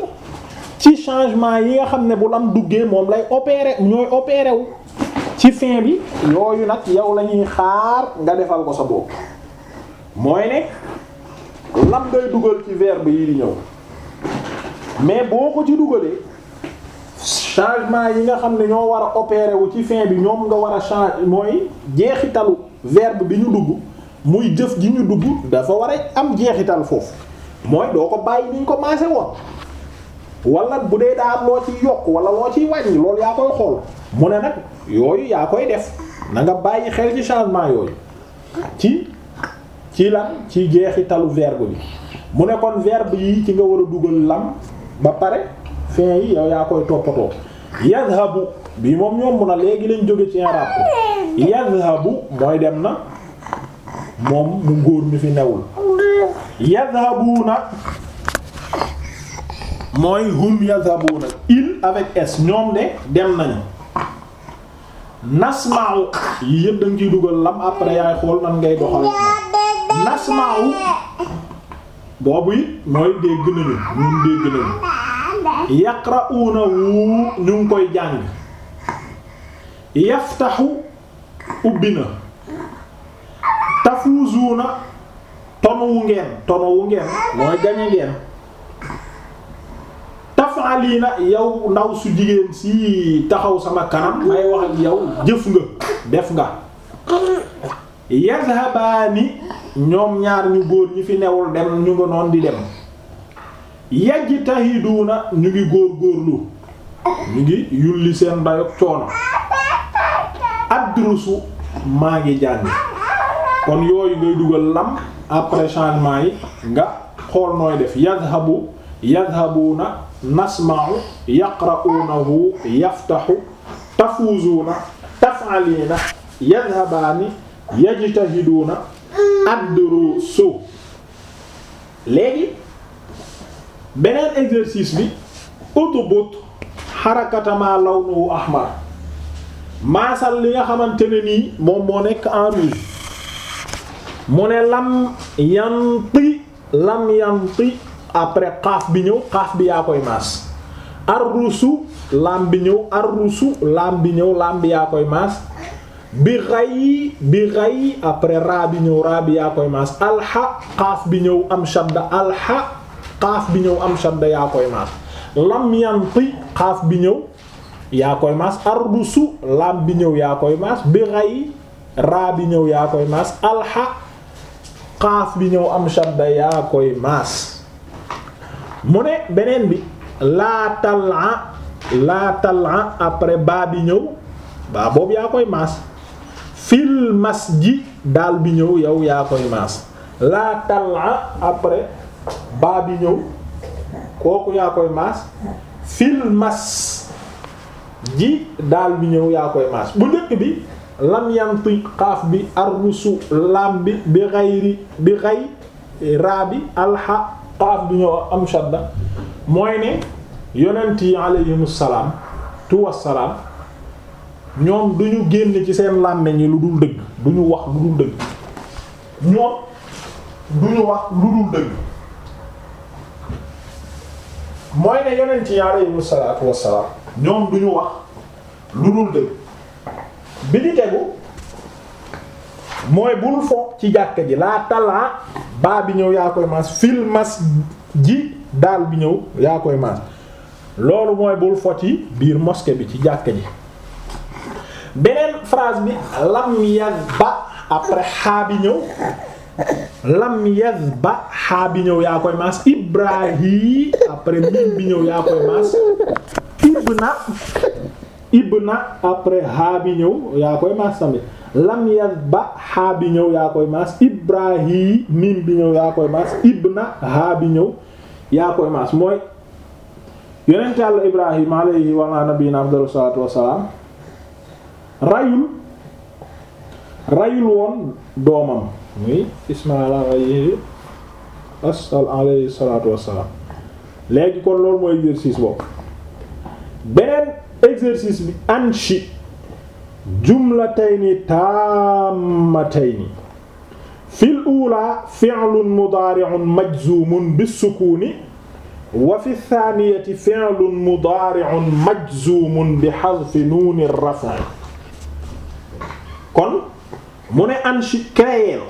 ci changement yi nga xam ne bu lam duggee moom lay opérer ñooy opérer ci fin bi yooyu nag yow lañuy xaar nga defal ko sa bopp mooy ne lan ngay dugal ci verbe yi ñëw mais boo ko ci dugalee changement yi nga xam ne ñoo war a opérer wu ci fin bi ñoom nga war a changer mooy jeexitalu verbe bi ñu dugg muy jëf ji ñu dugg dafa war a am jeexital foofu mooy doo ko bàyyi ni ñu ko commencé woon wala bu dee daa am loo ci yokk wala loo ci wàññi loolu yaa koy xool mu ne nag yooyu yaa koy def na nga bàyyi xel ci changement yooyu ci ci lan ci jeexitalu verbe bi mu ne kon verbe yi ci nga war a dugal lam ba pare fin yi yow yaa koy toppatoo yadhabu bi moom yomb na léegi lañ jóge ci arab ko mooy dem na moom mu ngóor mi fi newul yadhabuna mooy hum yadhabuna il avec s ñoom de dem nañu nasma'u yi yëpp dañ ciy dugal lam après yaay xool nan ngay doxal nasmaaw boobu it mooy dégg nañu ñun dégg nañu yaqra'unahu ñu ngi koy jàng yaftaxu ubbi na tafuzuuna tonowu ngeen wu ngeen mooy gañe ngeen taf'alina yow ndaw su jigéen si taxaw sama kanam may wax ak yow jëf nga def nga yazhabaani ñoom ñaar ñu góor ñi fi newul dem ñu nga noon di dem yajtahiduuna ñu ngi góor góorlu ñu ngi yulli seen dayok coono adrusu maa ngi jàng kon yooyu ngay dugal làmp après yi nga xool nooy def yazhabu yazhabuuna nasma'u yaqra'uunahu yaftahu tafuuzuuna taf'aliina yazhabaani yajtahiduuna ad-duruusu léegi beneen exercice bi utubut xarakatamaa lawnuhu ahmar maasal li nga xamante ne nii moom moo nekk en mu ne lam yanti lam yanti après xaaf bi ñëw xaaf bi yaa koy maas arrusu lam bi ñëw arrusu lam bi ñëw lam bi yaa koy maas bi ray bi ray après raa bi ñëw raa bi yaa koy maas alxa xaaf bi ñëw am shadda alxa xaaf bi ñëw am shadda yaa koy maas lam yanti xaaf bi ñëw yaa koy maas ardusu lam bi ñëw yaa koy maas bi ray raa bi ñëw yaa koy maas alxa xaaf bi ñëw am shadda yaa koy maas mu ne beneen bi laa tala laa tala après baa bi ñëw baa boobu yaa koy maas fil mas ji daal bi ñëw yow yaa koy maas laa talla après baa bi ñëw kooku yaa koy maas fil ji daal bi ñëw yaa koy maas bu njëkk bi lam xaaf bi arrusu lam bi bi xayri bi xay raa bi xaaf bi ñëw am shadda mooy ne yonent yi alayhimu salaam tuwa salaam ñoom duñu génn ci seen làmmiñ yi lu dul dëgg duñu wax lu dul dëgg ñoom duñu wax lu dul dëgg mooy ne yonent yi alayhimu salaatu wassalaam ñoom duñu wax lu dul dëgg bi ñu tegu mooy bul foog ci jàkka ji laa talaa baa bi ñëw yaa koy maas fil ji daal bi ñëw yaa koy maas loolu mooy bul fot yi biir mosquée bi ci jàkka ji beneen phrase bi lam ba après xaa bi ñëw lam ba xaa bi ñëw yaa koy maas ibrahim après miim bi ñëw yaa koy maas ibna ibna après xaa bi ñëw yaa koy maas tamit lam ba xaa bi ñëw yaa koy maas ibrahim miim bi ñëw yaa koy maas ibna xaa bi ñëw yaa koy maas mooy yonent Yàlla ibrahim alayhi wa ala nabiyina afdalu salaatu wassalaam rayul rayul woon doomam muy Ismaila alayhi asal alayhi salaatu wassalaam léegi kon loolu mooy exercice boobu beneen exercice bi anchi jumlatayni taamatayni fil uulaa fi'lun mudaari'un majzuumun bisukuuni wa fi thaaniyati fi'lun mudaari'un majzuumun bi hadfi nuuni raf'i kon mu ne anchi créer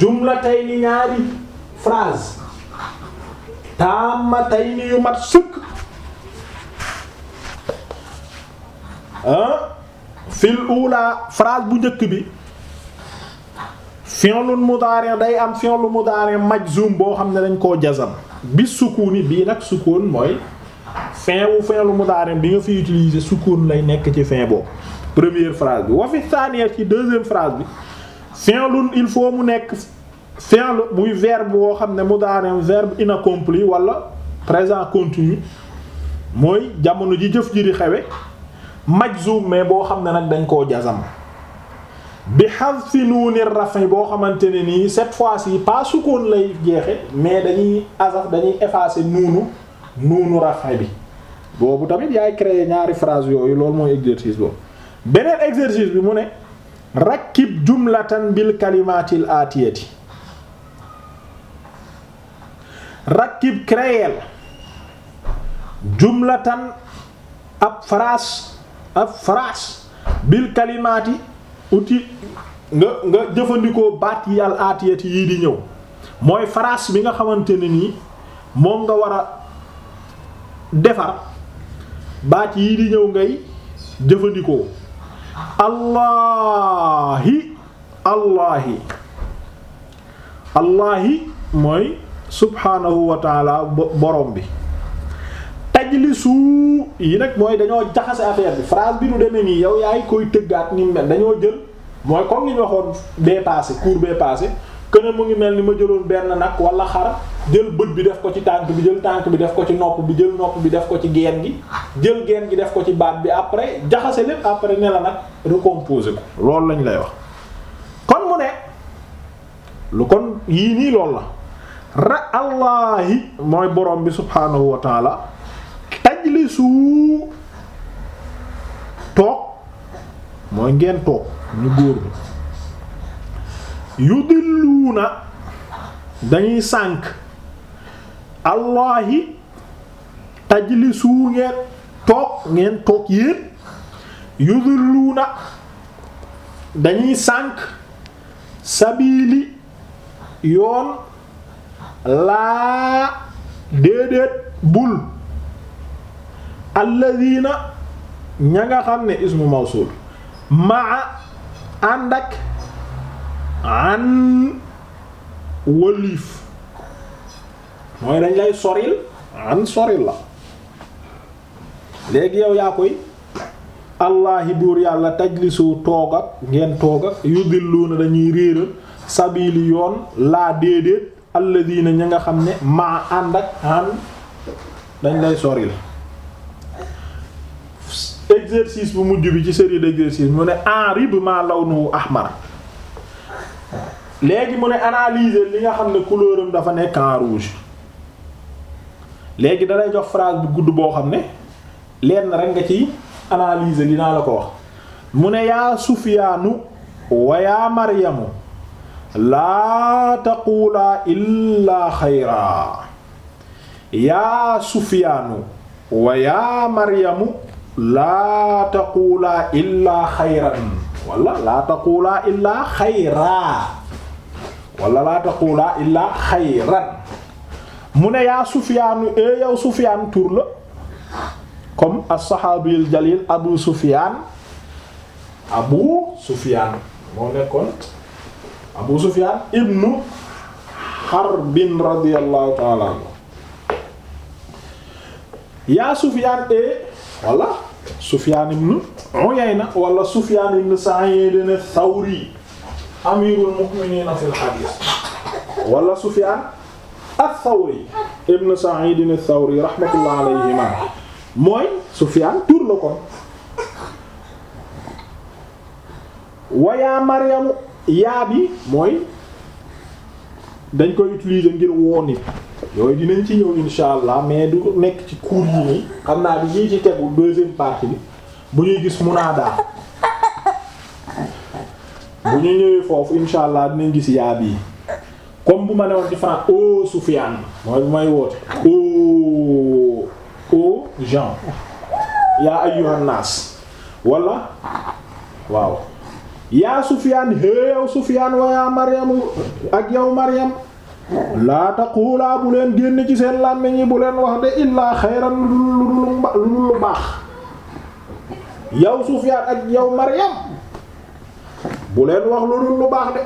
jumla tay ni ñaari frase taama tay ni yu mat sëkk fil ula phrase bu njëkk bi fi'lun mudari' day am fi'lun mudari' majzum boo xam ne dañ koo jazam bi sukuni bii nag sukun mooy fin wu fi'lun mudari' bi nga fi utiliser sukun lay nekk ci fin boobu première phrase bi wa fi saaniya ci deuxième phrase bi fi'lun il faut mu nekk fi'l muy verbe boo xam ne mudaari verbe inaccompli wala présent continu mooy jamono ji jëf ji di xewe majzum mais boo xam ne nag dañ koo jazam bi hadfi nuuni rafi boo xamante ne nii cette fois-ci pas sukkoon lay jeexe mais dañuy asaf dañuy effacer nuunu nuunu rafi bi boobu tamit yaay créer ñaari phrase yooyu loolu mooy exercice boobu beneen exercice bi mu ne rakkib jumlatan bil kalimaatil aatiyati rakkib créel jumlatan ab phrase ab phrase bil kalimaati uti nga nga jëfandikoo baat yi al aatiyati yii di ñëw mooy phrase bi nga xamante ne nii moom nga war a defar baat yi di ñëw ngay jëfandikoo allahi allahi allahi mooy subhaanahu wa taala borom bi tajlisu yi nag mooy dañoo jaxase affaire bi phrase bi nu demee nii yow yaay koy tëggaat ni mel dañoo jël mooy comme ni ñu waxoon bee passé cours bee passé ne mu ngi mel ni ma jëloon benn nag wala xara jël bët bi def ko ci tànk bi jël tànk bi def ko ci nopp bi jël nopp bi def ko ci gen gi jël geen gi def ko ci baat bi après jaxase lépp après ne la nag recomposer ko loolu lañu lay wax kon mu ne lu kon yii nii loolu la ra allahi mooy borom bi subhaanahu wa taala tajlisu toog mooy ngeen toog ñu góor bi yudilluuna dañuy sànk allahi tajlisu ngeen toog ngeen toog yéen yudilluuna dañuy sànk sabili yoon laa déedéet bul alladina ña nga xam ne ismu mawsul maa ànd ak an wëliif mooy dañ lay soril an soril la léegi yow yaa koy allahi buur yàlla tajlisu toog ak ngeen yu ak yudilluuna dañuy réeral sabili yoon laa déedéet alladina ña nga xam ne maa ànd ak an dañ lay soril exercice bu mujj bi ci série d'exercice mu ne enrib maa lawnu ahmar léegi mu ne analyser li nga xam ne couleur dafa nekk en rouge léegi dalay jox phrase bu gudd boo xam ne leen lenn rek nga ci analyser li naa la ko wax mu ne yaa sufiyaanu wa yaa maryamu laa taqulaa illaa xayraa yaa sufiyaanu wa yaa maryamu laa taqulaa illaa xayran wala laa taqulaa illaa xayran mu ne yaa sufiyaanu e eh, yow sufiyaan tur la comme as-sahaabiyul jalil abu sufiyaan abu sufiyaan moo nekkoon abu sufiyaan ibnu xarbin radiyallahu taala anhu yaa sufiyaan e eh, wala sufiyaan ibnu uyayna wala sufiyaan ibnu sa'iid ibnu thawri amirul mu'minin fil hadith wala Sufyan ath-Thawri ibn Sa'id ath-Thawri rahmatullah alayhima mooy Sufyan tur la kon wa yaa Maryamu yaa bi mooy dañ koy utiliser ngir woo nit yooyu dinañ ci ñëw insha allah mais du nekk ci cours yi nii xam naa bi ñii ci tegu deuxième partie bi bu ñuy gis munaadaa bu ñu ñëwee foofu insha allah dinañ gis yaab yi comme bu ma newoon ci France o oh, Soufiane mooy bu may woote o oh, o oh, Jean yaa ayyuhan naas wala waaw yaa Soufiane hé yow Soufiane wa yaa Maryamu ak yow Maryam laa taquulaa bu leen génn ci seen làmmiñ bu leen wax de illaa xayran lu dul lu baax yow Soufiane ak yow Maryam bu leen wax lu dul lu baax de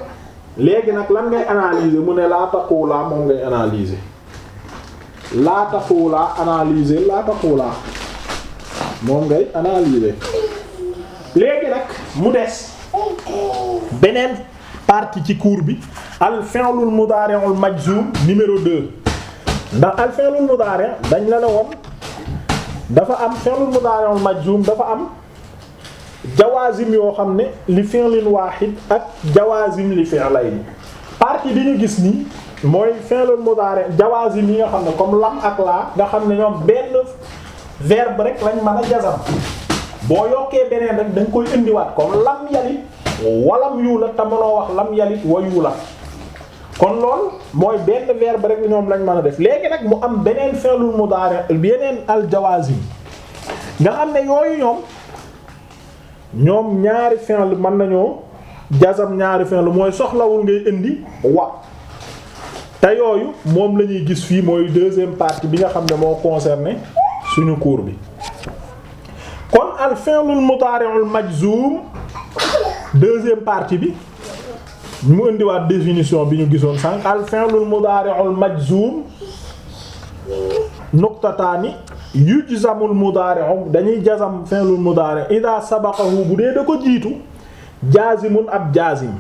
léegi nag lan ngay analyser mu ne laa taxuwulaa moom ngay analyser laa taxuwulaa analyser laa taxuwulaa moom ngay analyser léegi nag mu des beneen partie ci cours bi al fi'lul mudari'ul majzum numéro 2 ndax al fi'lul mudari' dañ la ne woon dafa am fi'lul mudari'ul majzum dafa am jawaazim yoo xam ne li fi'lin waahid ak jawaazim li fi'layni partie bi ñu gis nii mooy fi'lul mudaari jawaazim yi nga xam ne comme lam ak laa nga xam ne ñoom benn verbe rek lañ mën a jazam boo yokkee beneen rek da nga koy indiwaat comme lam yalit walam yuulat te mënoo wax lam yalit wa yuulat kon lool mooy benn verbe rek ñoom lañ mën a def léegi nag mu am beneen fi'lul mudaari yeneen al jawaazim nga xam ne yooyu ñoom ñoom ñaari fi'l mën nañoo jazam ñaari fi'l mooy soxlawul ngay indi wa te yooyu moom la ñuy gis fii mooy deuxième partie bi nga xam ne moo concerné suñu cours bi kon al fi'lul mudari'ul majzum deuxième partie bi mu indiwaat définition bi ñu gisoon sànq al fi'lul mudari'ul majzum nuqtataani yujzamul mudaari'u dañuy jazam fi'lul mudaari' ida sabaqahu bu dee da ko jiitu jaazimun ab jaazim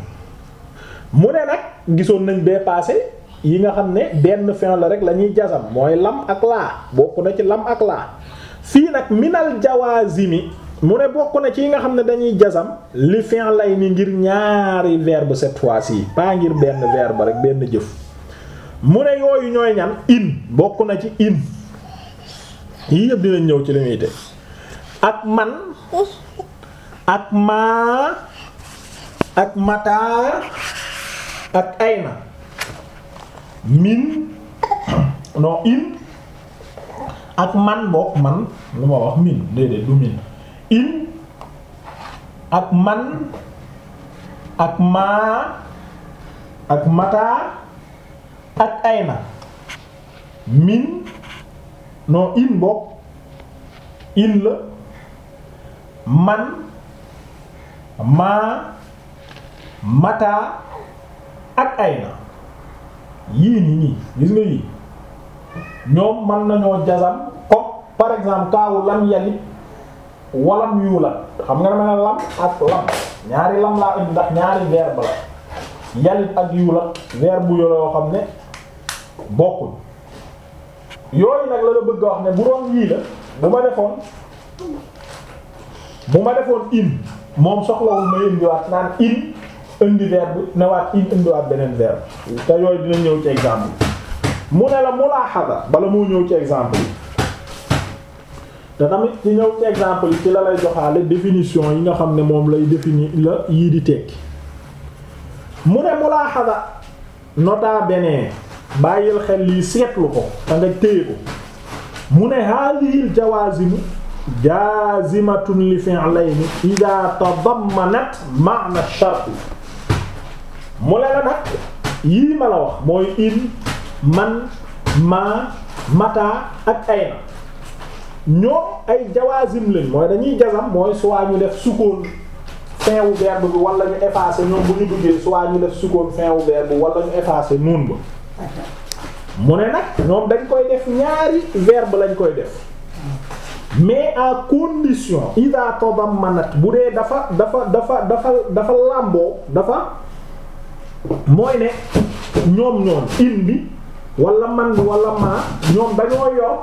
mu ne nag gisoon nañ bee passé yi nga xam ne benn fi'l la rek lañuy ñuy mooy lam ak laa bokk na ci lam ak laa fii nag minal jawaazimi mu ne bokk na ci yi nga xam ne dañuy jazam li fi'l lay ni ngir ñaari verbe cette fois-ci pas ngir benn verbe rek benn jëf mu ne yooyu ñooy ñan in bokk na ci in yii yëpp dinañ ñëw ci li muy teg ak man ak maa ak mataa ak ayna min non in ak man bokk man lu ma wax min déedéet du min in ak man ak maa ak mataa ak ayna min non in bokk in la man maa mataa ak ay na yii nii nii gis nga yii ñoom mën nañoo jazam comme par exemple kaawu lam yalit walam yuulat xam nga dama ne lam ak lam ñaari lam laa indi ndax ñaari verbe la yalit ak yuulat verbe yoo xam ne bokkuñ yooyu nag la la bëgg wax ne bu doon yii la bu ma defoon bu ma defoon in moom soxlawul ma indiwaat naan in indi verbe newaat in indiwaat beneen verbe te yooyu dina ñëw ci exemple mu ne la mulaaxada bala moo ñëw ci exemple yi te tamit ci ñëw ci exemple ci la lay joxaale définition yi nga xam ne moom lay définir la yii di tekki mu ne mulaaxada nota bene bàyyil xel lii seetlu ko da téye ko mu ne hadihil jawazimu jazimatun li fi'layni ida tadammanat ma'na shart mu ne la ma la wax mooy in man ma mata ak ayna ñoom ay jawazim lañ mooy dañuy jazam mooy soit ñu def sukkoon fin wu bi wala ñu effacer ñoom bu ñu duggee soit ñu def sukkoon fin wu verbe bi wala ñu effacer noon ba mu ne nag ñoom dañ koy def ñaari verbe lañ koy def mais à condition ida tadammanat bu dee dafa dafa dafa dafa dafa làmboo dafa mooy ne ñoom ñoom bi walla man wala maa ñoom dañoo yor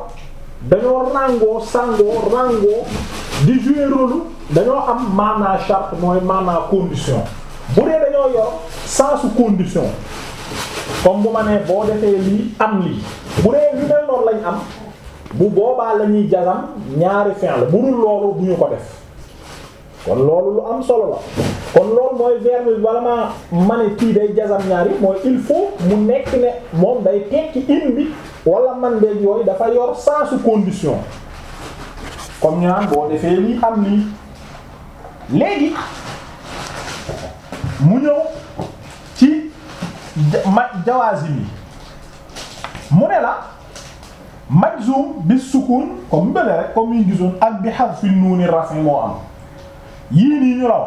dañoo ràngoo sàngoo ràngoo di jouer rôle dañoo am maanaa charte mooy maanaa condition bu dee dañoo yor sensu condition comme bu ma nee boo defee lii am lii bu dee yu mel noonu lañ am bu boobaa lañuy ñuy ñaari fin la bu dul loolu bu ñu ko def kon loolu lu am solo la kon loolu mooy verbe bi ma ma ne kii day jazam ñaari mooy il faut mu nekk ne moom day tekki in bi wala man de yooyu dafa yor sensu condition comme ñu naan boo defee lii am lii léegi mu ñëw. ma jawaazim yi mu ne la majzum bi sukun comme bële rek comme yi ak bi harfi nuuni rafi moo am yii nii ñu la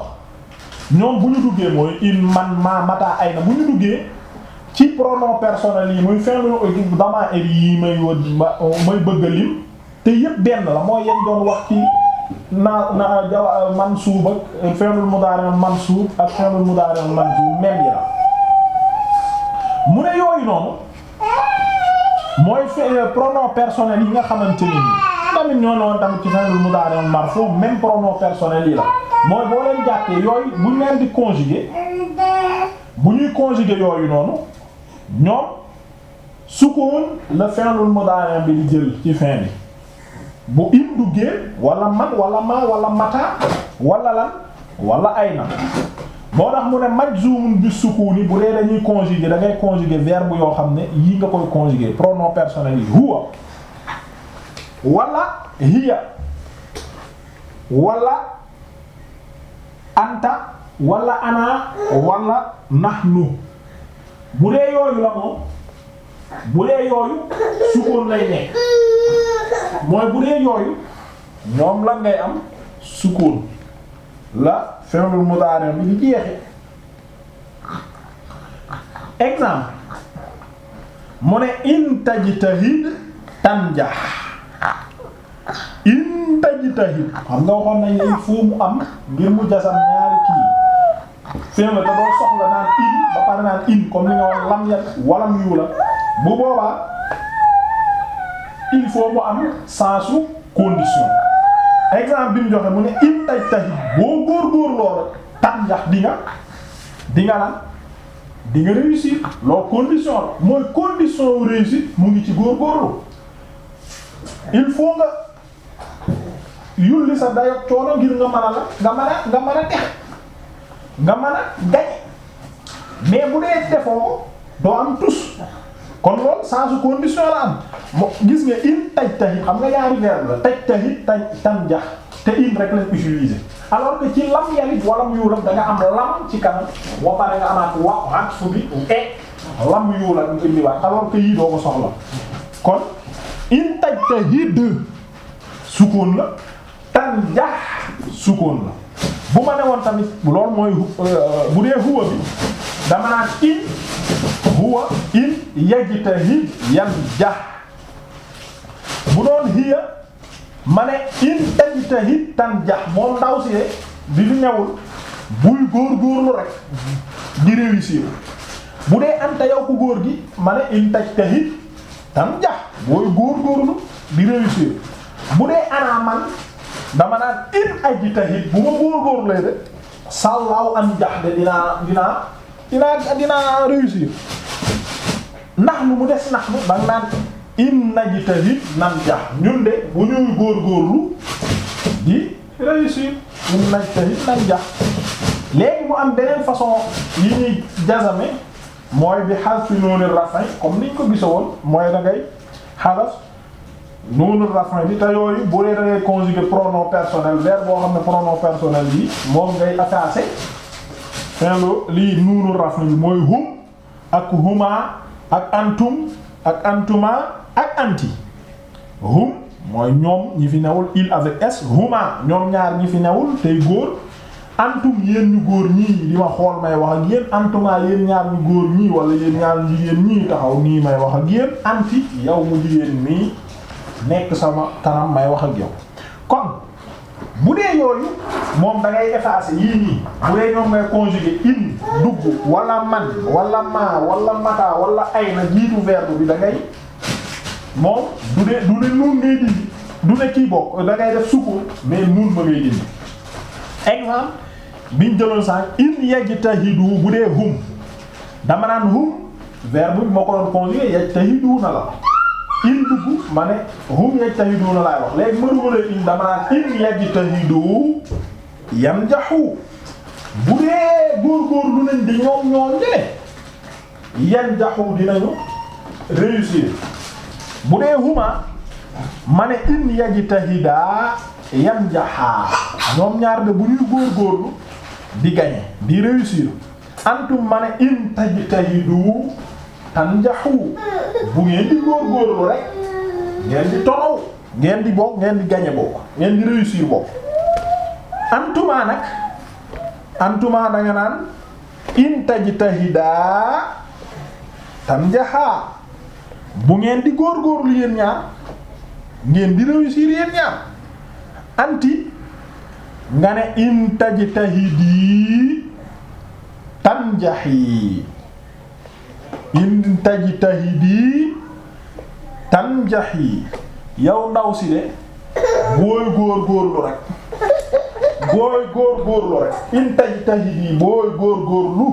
ñoom bu ñu duggee mooy in man ma ay na bu ñu duggee ci pronom personnel yi muy fin loolu damaa eri yi may may bëgg lim te yépp benn la moo yeen doon wax ci naa naa mansuub ak fi'lul mudaari mansuub ak fi'lul mudaari mansuub même yi la mu ne yooyu noonu mooy euh, pronom personnel yi nga xamante ne nii tamit ñoo ne woon tamit même pronom personnel yi la mooy boo leen jàppee yooyu bu ñu di conjuguer bu ñuy conjuguer yooyu noonu ñoom sukun la fi'l mudari' bi di jël ci fin bi bu im duggee wala man wala ma wala mata la walla ay ayna moo tax mu ne majzumun bi sukuni bu dee dañuy conjuguer da ngay conjuguer verbe yoo xam ne yii nga koy conjuguer pronom personnel yi huwa wala hiya wala anta wala ana wala nahnu bu dee yooyu la moom bu dee yooyu sukun lay nekk mooy bu dee yooyu ñoom la ngay am sukun la fi'lul mudaari bi di jeexee exemple mu ne in tajtahid tanjah in tajtahid xam nga waxoon nañ ne fu mu am ngir mu jasam ñaari kii fi'l da doo soxla naan in ba pare naan in comme li nga wax lam yat walam yu bu boobaa il faut mu am sensu condition exemple bi mu joxe mu ne im taj taj boo góor-góor loolu tam ndax di nga di nga lan di nga réussir loolu condition la mooy condition wu réussite mu ngi ci góor-góorlu il faut nga yulli sa dayoo coono ngir nga mën a la nga mën a nga mën a tex nga mën a gañ mais bu dee defoo doo am tus kon loolu sans su condition la am mo gis nga in taj taxit am nga ñaari verbe la taj taxit taj jax te in rek la utilisé alors que ci lam yalit wala mu yuulam da nga am lam ci kanam wa pare nga amaat wa ak su bi e lam yuulam nga indiwaat alors que yii doo ko soxla kon in taj taxit sukkoon la tan jax sukkoon la bu ma ne woon tamit loolu mooy euh, bu dee huwa bi dama naan in huwa in yajtahid yanjah bu doon hiya ma ne in tajtahid tanjah moom ndaw si bi fi newul buy góorgóorlu rek di réussir bu dee anta yow ku góor gi ma ne in tajtahid tanjah booy góorgóorlu di réussir bu dee ana man dama naan in ajtahid bu ma góorgóorlee de sàllaaw an jax de dinaa dinaa dinaa dinaa réussir ndax mu des ndax mu danga naan in najtahid nanjah ñun de bu ñuy góorgóorlu di réussir in najtahid nanjah léegi mu am beneen façon yi ñuy jazame mooy bi xarfi noonu rafin comme niñ ko gisoon mooy da ngay xalas noonu rafin bi te yooyu bu dee da ngay conjuguer pronom personnel verbe boo xam ne pronom personnel yi moom ngay attaché fi'lu lii nuunu yi mooy hum ak huma ak antum ak antuma ak anti hum mooy ñoom ñi fi newul il avec s huma ñoom ñaar ñi fi newul tey góor antum yéen ñu góor ñii di ma xool may wax ak yéen antuma yéen ñaar ñu góor ñii wala yéen ñaar ñu jigéen ñii taxaw nii may wax ak yéen anti yow mu jigéen mii nekk sama kanam may wax ak yow kon bu dee yooyu moom da ngay effacer yii nii bu dee ñoom ngay conjuguer in dugg wala man wala maa walla mata wala ay na jiitu verbe bi da moom du ne du ne nun ngay dindi du ne kii bokk da ngay def sukkur mais nun ma ngay dindi exemple biñ jëloon sànq in yajtahidu bu dee hum dama naan hum verbe bi moo ko doon conjuguer yajtahidu na la in dugg ma ne hum yajtahiduuna laay wax léegi mënuma la in dama naan in yajtahidu yanjahu bu dee góorgóorlu nañ di ñoom ñoom ne yanjahu dinañu réussir bu dee huma ma ne in yajtahidaa yanjahaa ñoom ñaar de bu ñuy góorgóorlu di gagner di réussir antum ma ne in tajtahidu tanjaxu bu ngeen di góorgóorlu rek ngeen di tonaw ngeen di bokk ngeen di gañe bokk ngeen di réussir bokk antuma nag antuma danga naan in tajtahidaa tanjaxaa bu ngeen di góorgóorlu yéen ñaar ngeen di réussir yéen ñaar anti nga ne in tajtahidii tanjaxii in tajtahidi yi yow ndaw si de booy góor góorlu rek booy góor góorlu rek in tajtahidi booy góor góorlu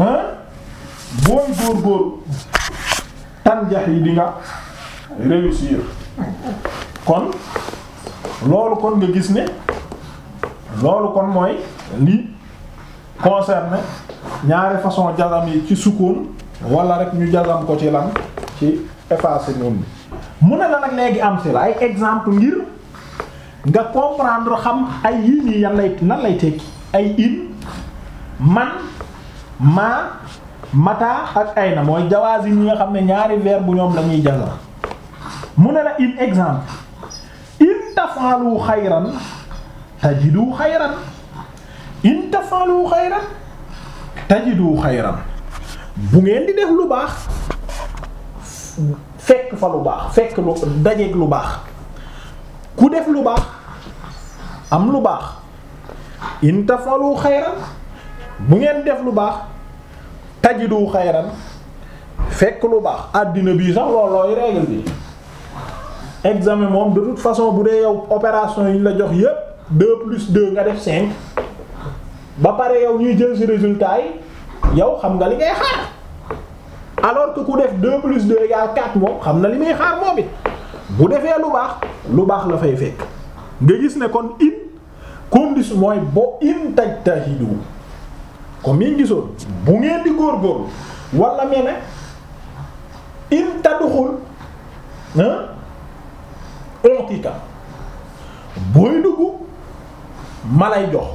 ah booy góor góorlu tanjahi di nga réussir kon loolu kon nga gis ne loolu kon mooy li concerne ñaari façon jazam yi ci sukkoon wala rek ñu jazam ko ci lan ci effacer noonu bi mu ne la nag léegi am si la ay exemple ngir nga comprendre xam ay yii nii yan lay nan lay tekki ay in man maa mataa ak ay na mooy jawaaz yi ñi nga xam ne ñaari verbe bu ñoom lañuy jazam mu ne la in exemple in tafaalu xayran tajidu xayran in tafaalu xayran tajidu xayran bu ngeen di def lu baax fekk fa lu baax fekk lu dajeeg lu baax ku def lu baax am lu baax in tafalu xayran bu ngeen def lu baax tajidu xayran fekk lu baax àddina bii sax loolooy règle bi examen moom de toute façon bu dee yow opération yi la jox yépp deux plus de nga def seen ba pare yow ñuy jël ci résultat yi yow xam nga li ngay xaar alors que ku def 2 plus 2 égale 4 moom xam na li muy xaar moom it bu defee lu baax lu baax la fay fekk nga gis ne kon in condition mooy bo in tajtahidu comme yi gisoon bu ngeen di góorgóorlu wala me ne in tadxul ontika booy dugg ma lay jox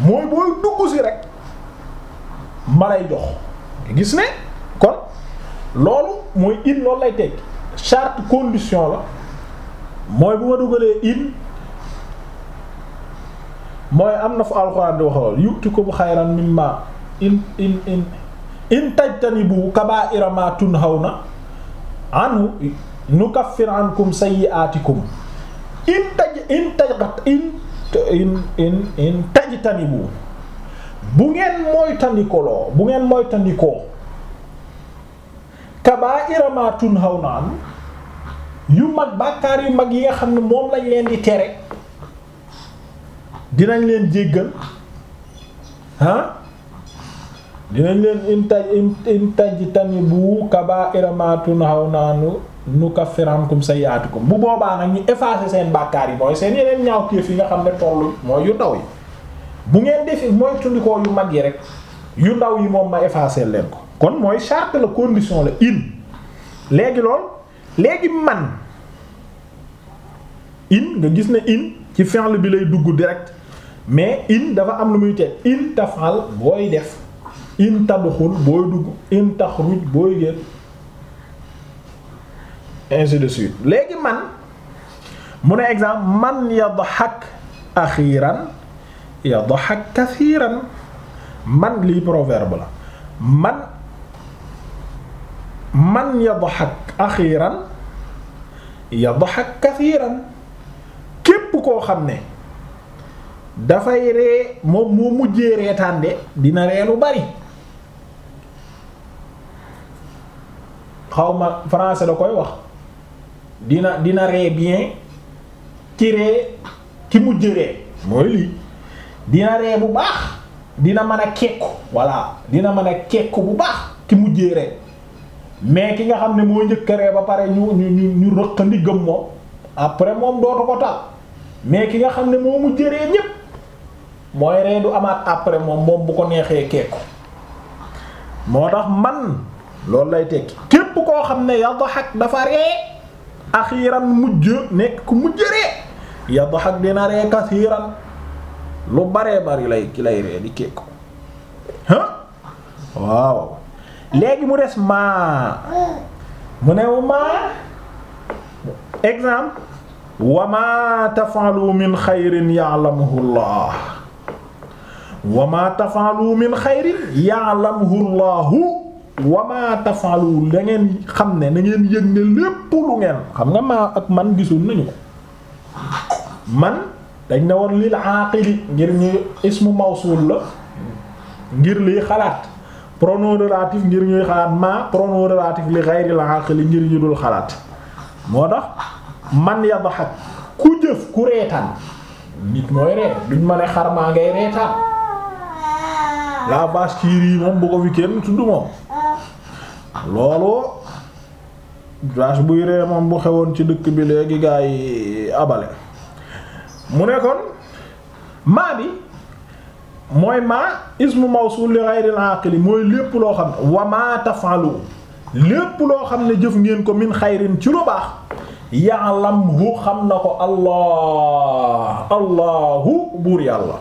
mooy booy dugg si rek ma lay jox gis ne kon loolu mooy in loolu lay teg charte condition la mooy bu ma dugalee in mooy am na fu alxuraan wax loolu yu'tikum xayran mimma in in in in tajtanibu kabaa'ira ma tunhawna anhu nukaffir ankum sayyi'atikum in taj in taj in in in tajtanibu bu ngeen moytandikoloo bu ngeen moytandikoo kabaa'ira maa tunhawna an yu mag bàkkaar yu mag yi nga xam ne moom lañ leen di tere dinañ leen jéggal ah dinañ leen intaj intaj tani bu kabaa'ira maa tunhawna anu nukaffirankum sayyi'atikum bu boobaa nag ñu effacer seen bàkkaar yi mooy seen yeneen ñaaw kéef yi nga xam ne tollu mooy yu ndaw yi bu ngeen defi mooy tundikoo yu mag yi rek yu ndaw yi moom ma effacer leen ko kon mooy charte la condition la in léegi lool léegi man in nga gis ne in ci fi'l bi lay dugg direct mais in dafa am lu muy teg in tafal booy def in tadxul booy dugg in taxruj booy génn ainsi léegi man mu ne exemple man yadhak akhiran yadhak kathiran man lii proverbe la man man yadhak akhiran yadhak kathiran képp koo xam ne dafay ree moom moo mujjee reetaan de dina ree lu bari xawma france français da koy wax dina dina ree bien ci ree ki mujj ree mooy lii dina ree bu baax dina man a kekku voilà dina man a kekku bu baax ki mujjee ree mais ki nga xam ne moo njëkk a ba pare ñu ñu ñu ñu rëq ndiggam moom après moom dootu ko taal mais ki nga xam ne moo mujjee ree ñépp mooy du amaat après moom moom bu ko neexee kekku moo tax man loolu lay tekki képp koo xam ne yadhak dafa ree axiiran mujj nekk ku mujj ree yadhak dina ree kasiiran lu baree bari lay ki lay ree di kékku waaw léegi mu des maa mu ne maa exemple wa maa tafaalu min xayrin ya'lamuhu llah wa maa tafaalu min xayrin ya'lamuhu llahu wa maa tafaalu da xam ne na ngeen yëg ne lépp lu ngeen xam nga maa ak man gisul nañu ko man dañ ne woon lil aaqili ngir ñuy ismu mawsuul la ngir liy xalaat pronom relatif ngir ñuy xalaat ma pronom li ghayril aaqili ngir ñu dul xalaat moo tax man yadhak ku jëf ku reetaan nit mooy ree duñ ma ne xar maa ngay reetaan la vache qui rit bu ko fi kenn tudd moom loolu vache buy ree bu xewoon ci dëkk bi léegi gaa yi abale mu ne kon maa bi mooy maa ismu mawsul li ghayril aqili mooy lépp loo xam ne wa lépp loo xam ne jëf ngeen ko min xayrin ci lu baax ya'lamhu xam na ko allah allahu buur yàlla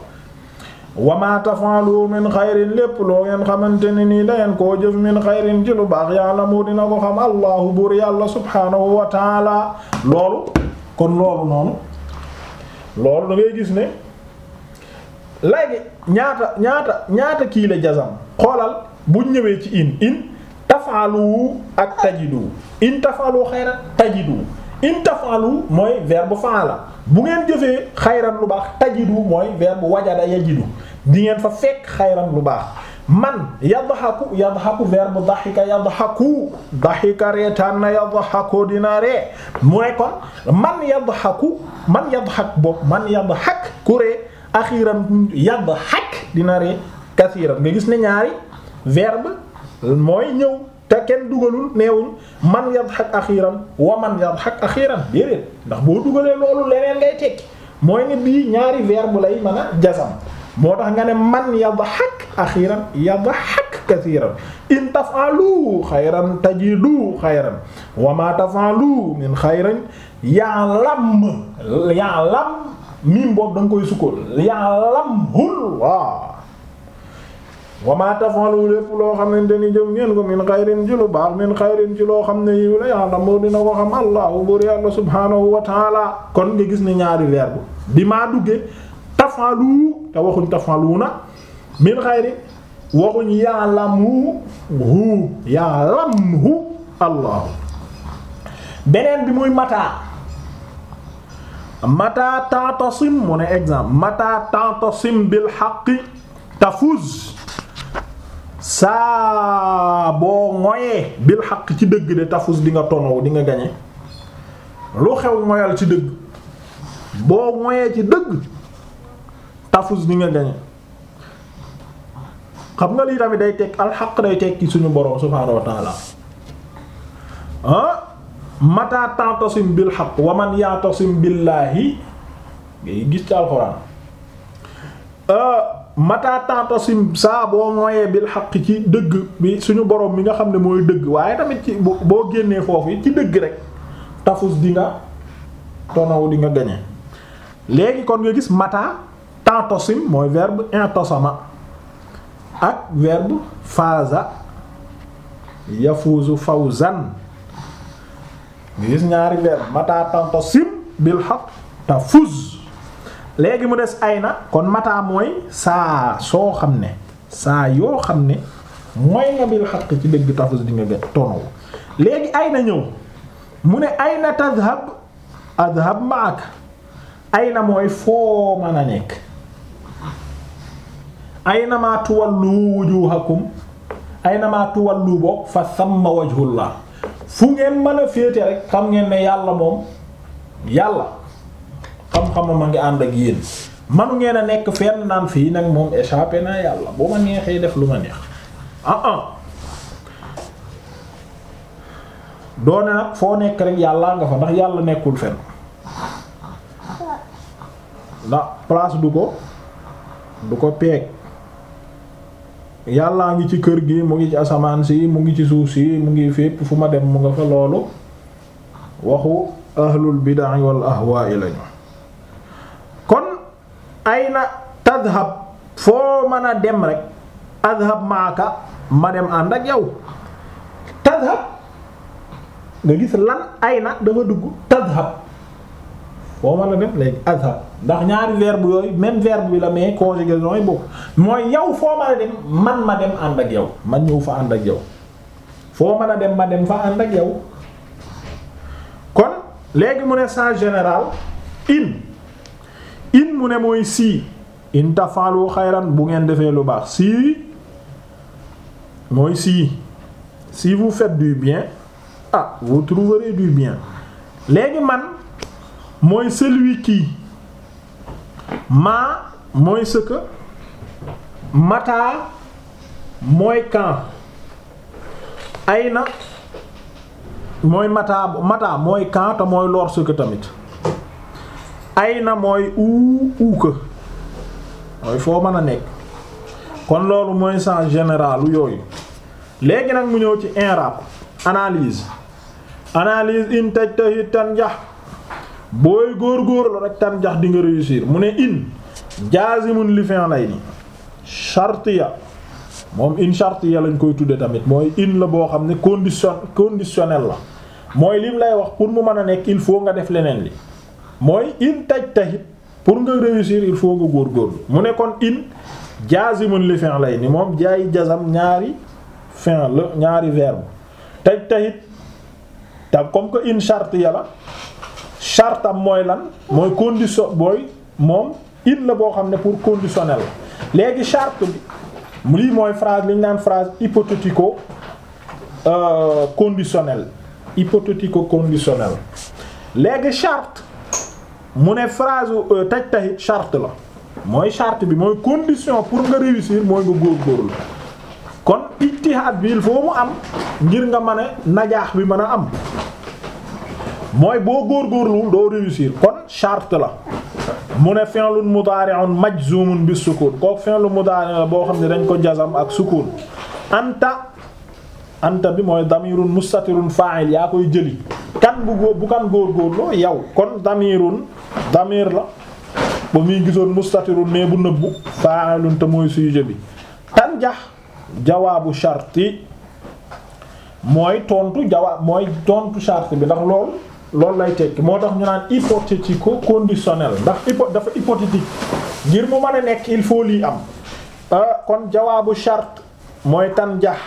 wa maa taf'alu min xayrin lépp loo ngeen xamante ni nii dangeen koo jëf min xayrin ci lu baax ya'lamu dina ko xam allahu buur yàlla subhaanahu wa taala loolu kon loolu noonu loolu da ngay gis ne léegi ñaata ñaata ñaata kii jasam xoolal bu ñëwee ci inn in tafaalu ak tajidu in tafaalu xayran tajidu in tafaalu mooy bu faala bu ngeen jëfee xayran lu baax tajidu mooy verbe wajada yajidu di ngeen fa fekk xayran lu baax man yadhaku yadhaku verbe dahika yadhaku dahika reetaan na yadhaku dina ree mu ne kon man yadhaku man yadhak bopp man yadhak ku ree axiram yadhak dina ree kasiiram nga gis ne ñaari verbe mooy ñëw te kenn dugalul neewul man yadhak axiram wa man yadhak axiram déedéet ndax boo dugalee loolu leneen ngay tekki mooy ne bii ñaari verbe lay mën a jasam moo tax nga ne man yadhak akhiran yadhak kathiran in taf'alu xayran tajidu xayran wa ma taf'alu min xayrin ya'lam ya'lam mim boobu da nga koy sukkool ya'lamhul waaw wa ma taf'alu lépp loo xamante ni jëm ngeen ko min xayrin ci lu baax min xayrin ci loo xam ne yiw la ya'lamu dina ko xam allahu buur yàlla subhanahu wa taala kon nga gis ne ñaari weer bi maa duggee tafalu te waxuñ tafaluuna min xayri waxuñ ya'lamu hu allah beneen bi muy mata mata ta'tasim mu ne exemple mata ta'tasim bil haqqi tafuz saa boo moyee bil xaq ci dëgg de tafus di nga tonow di nga gañe lu xew moyal ci dëgg boo moyee ci dëgg tafus di nga gañe xam nga lii tamit day teg alxaq day teg ci suñu borom subhaanahu wa taala ah mata ta'tasim bil haqq wa man ya'tasim billaahi ngay gis ci alxuraan ah, mata ta'tasim saa boo bil haqq ci dëgg bi suñu borom mi nga xam ne mooy dëgg waaye tamit ci boo génnee foofu ci dëgg rek tafus di nga tonaw di nga gañe léegi kon nga gis mata ta'tasim mooy verbe intasama ak verbe faza yafuzu fawzan gis ñaari verbe mata ta'tasim bil haqq tafuz léegi mu des ay na kon mata mooy saa soo xam ne saa yoo xam ne mooy nga bil haqq ci dëgg tafuz di nga gën tonow léegi ñëw mu ne ayna tadhhab adhhab ay na mooy foo mën nekk aynama tuwallu wujuhakum aynama tuwallu bokk fa samma wajhullah fu ngeen mën a féete rek xam ngeen ne yàlla moom yàlla xam-xamam ma ngi ànd ak yéen manu ngeen a nekk fen naan fii nag moom échappé naa yàlla bu ma neexee def lu ma neex ah ah foo nekk rek yàllaa nga fa ndax yàlla nekkul fenn ndax place du ko du ko peeg yàllaa ngi ci kër gi mu ngi ci asamaan si mu ngi ci suuf si mu ngi fépp fu ma dem mu nga fa loolu waxu ahlul bid'a wal ahwaa'i lañu kon ayna tadhab foo mën a dem rek adhab maaka ma dem ànd ak yow tadhab nga gis lan ay na dafa dugg tadhab foo mën a def léegi azhab ndax ñaari verbe yooyu même verbe bi la mais conjugaison yi bokk mooy yow foo mën a dem man ma dem ànd ak yow ma ñëw fa ànd ak yow foo man a dem ma dem fa ànd ak yow kon léegi mu ne sens général in in mu ne mooy si in tafalu xayran bu ngeen defee lu baax si mooy si si vous faites du bien ah vous trouverez du bien léegi man mooy celui qui ma mooy ce que mata mooy ay na mooy mata mata mooy quand te mooy lorsque tamit ayna mooy où ou que foo mën a nekk kon loolu mooy sens général yooyu léegi nag mu ñëw ci inrab analyse analyse in tajtahid tanjah booy góorgóorlu rek tan jax di nga réussir mu ne in jazimun li fi'layni shartiya moom in shartiya lañ koy tudde tamit mooy in la boo xam ne condition conditionnel la mooy lim lay wax pour mu mën a nekk il faut nga def leneen li mooy in taj tahit pour nga réussir il faut nga góorgóorlu mu ne kon in jazimun li fi'layni moom jaay jazam ñaari fin la ñaari verbe taj tahit te comme que in shartiya la am mooy lan mooy condition booy moom in la boo xam ne pour conditionnel léegi charte bi lii mooy phrase li ñu naan phrase hypothético euh, conditionnel hypothético conditionnel léegi charte mu ne phrase euh, taj taxit charte la mooy charte bi mooy condition pour nga réussir mooy nga góorgóorlu kon ijtihaad bi il faut mu am ngir nga mën a najaax bi mën a am mooy boo góor góorgóorluwul doo réussir kon charte la mu ne fi'lun mudari'un majzumun bi sukun kooku fi'lun mudari' la boo xam ne dañ ko jazam ak sukun anta anta bi mooy damirun mustatirun fa'il yaa koy jëli kan bu góor bu kan góorgóorloo yow kon damirun damir la ba muy gisoon mustatirun mais bu nëbbu fa'ilun te mooy sujet bi tanjax jawaabu chart mooy tontu jawaab mooy tontu charte bi ndax loolu loolu lay tekki moo tax ñu naan hypothético conditionnel ndax hypo dafa hypothétique ngir mu mën a nekk il faut lii am euh, kon jawaabu charte mooy tan jax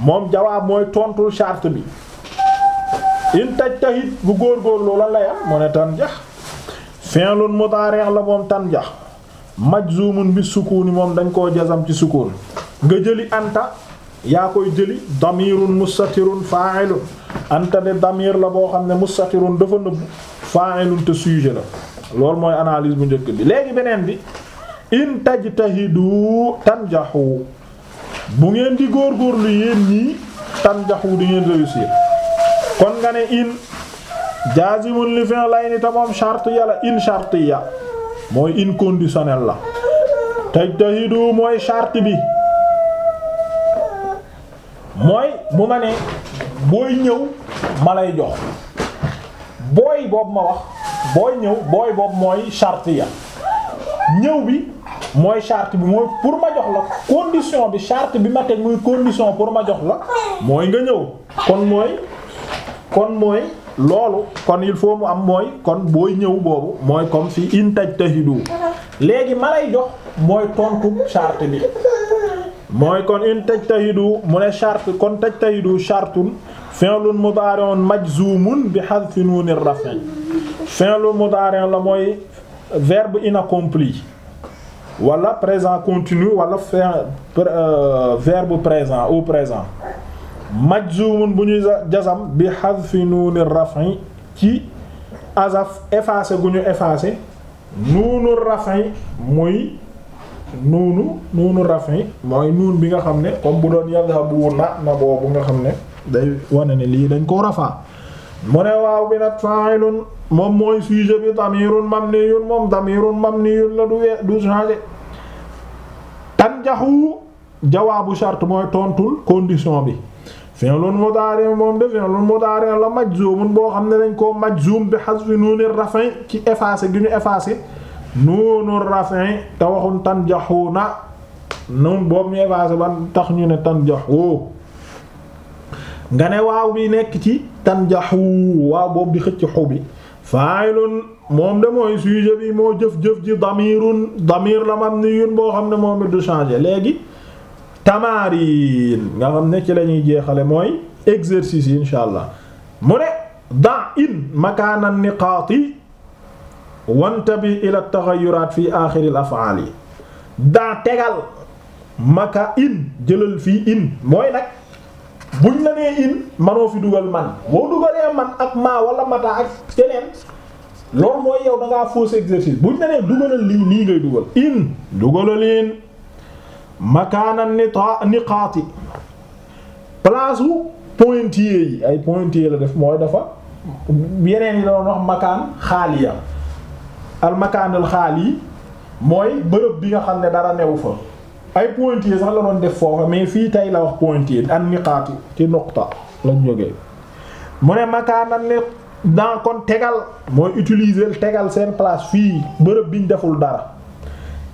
moom jawaab mooy tontul charte bi in taj tahit bu góorgóorlu lan lay am mu ne tan jax fi'lun mudari' la moom tan jax majzumun bi sukuni moom dañ koo jazam ci sukun nga jëli anta yaa koy jëli damirun mustatirun fa'ilun anta de damir la boo xam ne mustatirun dafa nëbb fa'ilun te sujet la loolu mooy analyse bu njëkk bi léegi beneen bi in tajtahidu tanjahu bu ngeen di góorgóorlu yéen ñii tanjahu di ngeen réussir kon nga ne in jazimun li fi'layni ta moom shartiya la in shartiya mooy inconditionnel la tajtahidu mooy charte bi mooy bu ma ne booy ñëw ma lay jox booy boobu ma wax booy ñëw booy boobu mooy chart ya ñëw bi mooy chart bi mooy pour ma jox la condition bi chart bi ma teg muy condition pour ma jox la mooy nga ñëw kon mooy kon mooy loolu kon il faut mu am mooy kon booy ñëw boobu mooy comme si intaj tahidu léegi ma lay jox mooy tontu charte bi mooy kon intaj tahidu mu ne charte kon taj tahidu chartun fi'lun mudari'un majzumun bi hadfi nun ar-raf' fi'lun mudari'un la mooy verbe inaccompli wala présent continu wala fin euh, verbe présent au présent majzumun bu ñuy jasam bi hadfi nun ar-raf' ci azaf effacé gu ñu effacé nuunu raf'i muy nuunu nuunu raf'i mooy nuun bi nga xam ne comme bu doon yadhabu na na boobu nga xam ne day wane ne lii dañ koo rafaa mu ne waaw bi nag fa'ilun moom mooy sujet bi damirun mabniyun moom damirun mabniyun la du wee du changer tanjaxu jawaabu shart mooy tontul condition bi fi'lun mudari moom de fi'lun mudari la majzumun boo xam ne dañ koo majzum bi hasfi nuuni rafin ci effacé gi ñu effacé nuunu rafin te waxun tanjaxu na nun boobu ñu effacé ban tax ñu ne tanjaxu nga ne waaw bi nekk ci tanjaxu waaw boobu di xëcc xu bi fa'ilun moom de mooy sujet bi moo jëf-jëf ji damirun damir la mabniyun boo xam ne moom it changer léegi tamarin nga xam ne ci la ñuy jeexale mooy exercice yi insha allah mu ne da in makaana niqaati wantabi ila taxayuraat fi axiril afaal yi daa tegal maka in jëlal fii in mooy nag buñ la nee in manoo fi dugal man boo dugalee man ak maa walla mata ak teneen loolu mooy yow da ngaa exercice buñ la nee dugalal lii lii ngay dugal in dugalal in makaana nita niqaati place u pointillé yi ay pointillé la def mooy dafa yeneen yi la doon wax makaan xaaliya al makaanal xaali mooy bërëb bi nga xam ne dara newu fa ay pointillés sax la doon def foofa mais fii tey la wax pointillés an niqaati ci nuqta la jógee mu ne makaanan ne dans kon tegal mooy utiliser tegal seen place fii bërëb biñ deful dara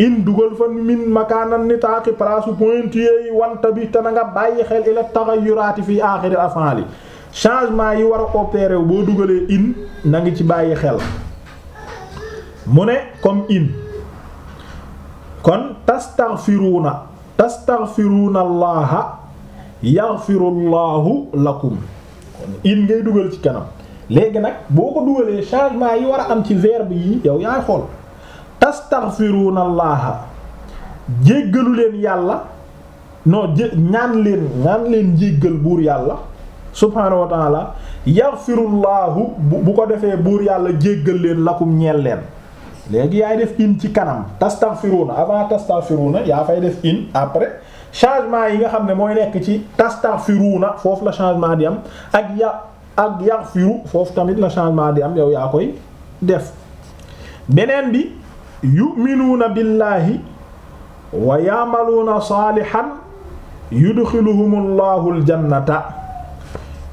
in dugal fa min makaanan ni taaki place pointillés yi wanta bi te na nga bàyyi xel ila taxayuraati fii aaxiri li changement yi war a boo dugalee in na ngi ci bàyyi xel mu ne comme in kon tastaghfiruna tastaghfiruna allaha yaghfirullahu lakum kon in ngay dugal ci kanam léegi nag boo ko dugalee changement yi war a am ci verbe yi yow yaay xool tastaghfiruna allaha jéggalu leen yàlla noo jé ñaan leen ñaan leen jéggal buur yàlla subhaanahu wa ta'ala bu ko defee buur yàlla jéggal leen lakum ñeel leen léegi yaay def in ci kanam tastaghfiruna avant tastaghfiruna yaa fay def in après changement yi nga xam ne mooy nekk ci tastaghfiruna foofu la changement di am ak ya ak yaghfiru foofu tamit la changement di am yow yaa koy def beneen bi yu'minuuna billaahi wa ya'maluuna saalihan yudxiluhumullahu aljannata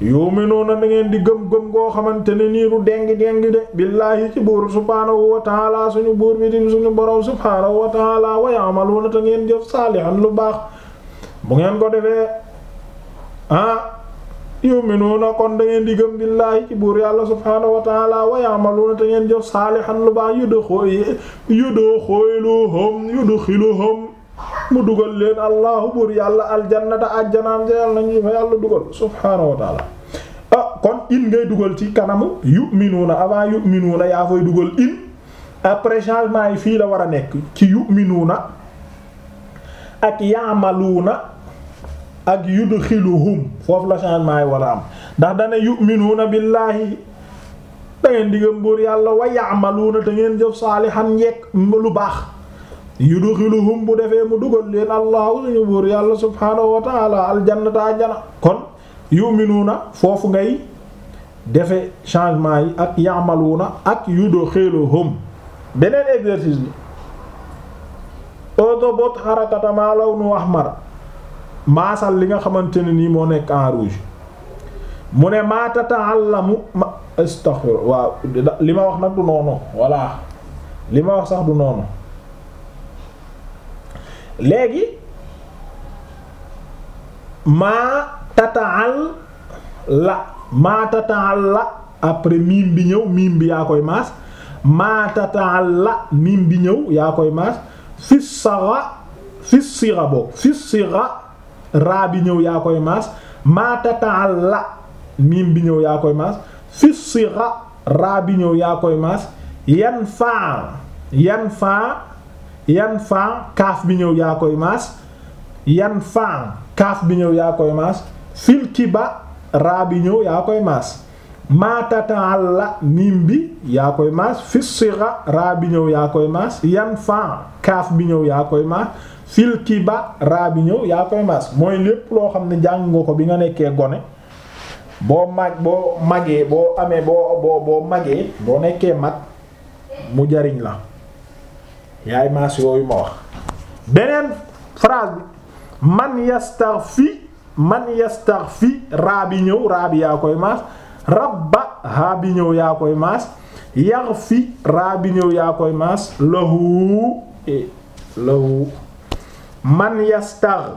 yu'minuuna na ngeen di gëm-gëm goo xamante ne nii du déng-déng de billaahi ci buur subhaanahu wa ta'aala suñu buur bi di suñu borom subhaanahu wa ta'aala wa ya'maluuna te ngeen jëf saalihan lu baax bu ngeen ko defee ah yu'minuuna kon da ngeen di gëm billaahi ci buur yàlla subhaanahu wa ta'aala wa ya'maluuna te ngeen jëf saalihan lu baax yudkhiluhum mu dugal leen allahu buur yàlla aljannata ajjanaam ja yàlla nañu fa yàlla dugal subhaanahu wa taala ah kon in ngay dugal ci kanam yu'minuuna avant yu'minuuna yaa fay dugal in après changement yi fii la war a nekk ci yu'minuuna ak yaamaluuna ak yudxiluhum foofu la changement yi war am ndax dana yu'minuuna billaahi da ngeen diggam buur yàlla wa yaamaluuna te ngeen jëf saalihan njekk lu baax yudxiluhum bu defee mu dugal leen allahu suñu buur yàlla subhaanahu wa taala aljannata ajjana kon yuminuuna foofu ngay defe changement yi ak ya'maluuna ak yudxiluhum beneen exercice bi autobot xarakata maa lawnu ahmar maasal li nga xamante ne nii moo nekk en rouge mu ne maa tata'allamu ma astaghfir waaw li ma wax nag du noonu voilà li ma wax sax du noonu léegi maa tataal la maa tataal la après miim bi ñëw miim bi yaa koy maas maa tataal la miim bi ñëw yaa koy maas fi sara fi sira bo fi sira raa bi ñëw yaa koy maas maa tataal la miim bi ñëw yaa koy maas fi sira raa bi ñëw yaa koy maas yan faa yan faa yan fan kaaf bi ñëw yaa koy maas yan fan kaaf bi ñëw yaa koy maas fil kiba raa bi ñëw yaa koy maas maatatan la miim bi yaa koy maas fis siga raa bi ñëw yaa koy maas bi ñëw yaa koy maas fil kiba raa bi mooy lépp loo xam ne jàng nga ko bi nga nekkee gone boo mag boo magee boo amee boo boo magee boo nekkee mag mu jariñ la yaay maas yooyu ma wax beneen phrase bi man yastaghfi man yastaghfi raa bi ñëw raa bi yaa koy maas rabba haa bi ñëw yaa koy maas yaghfi raa bi ñëw yaa koy maas lahu e, man yastagh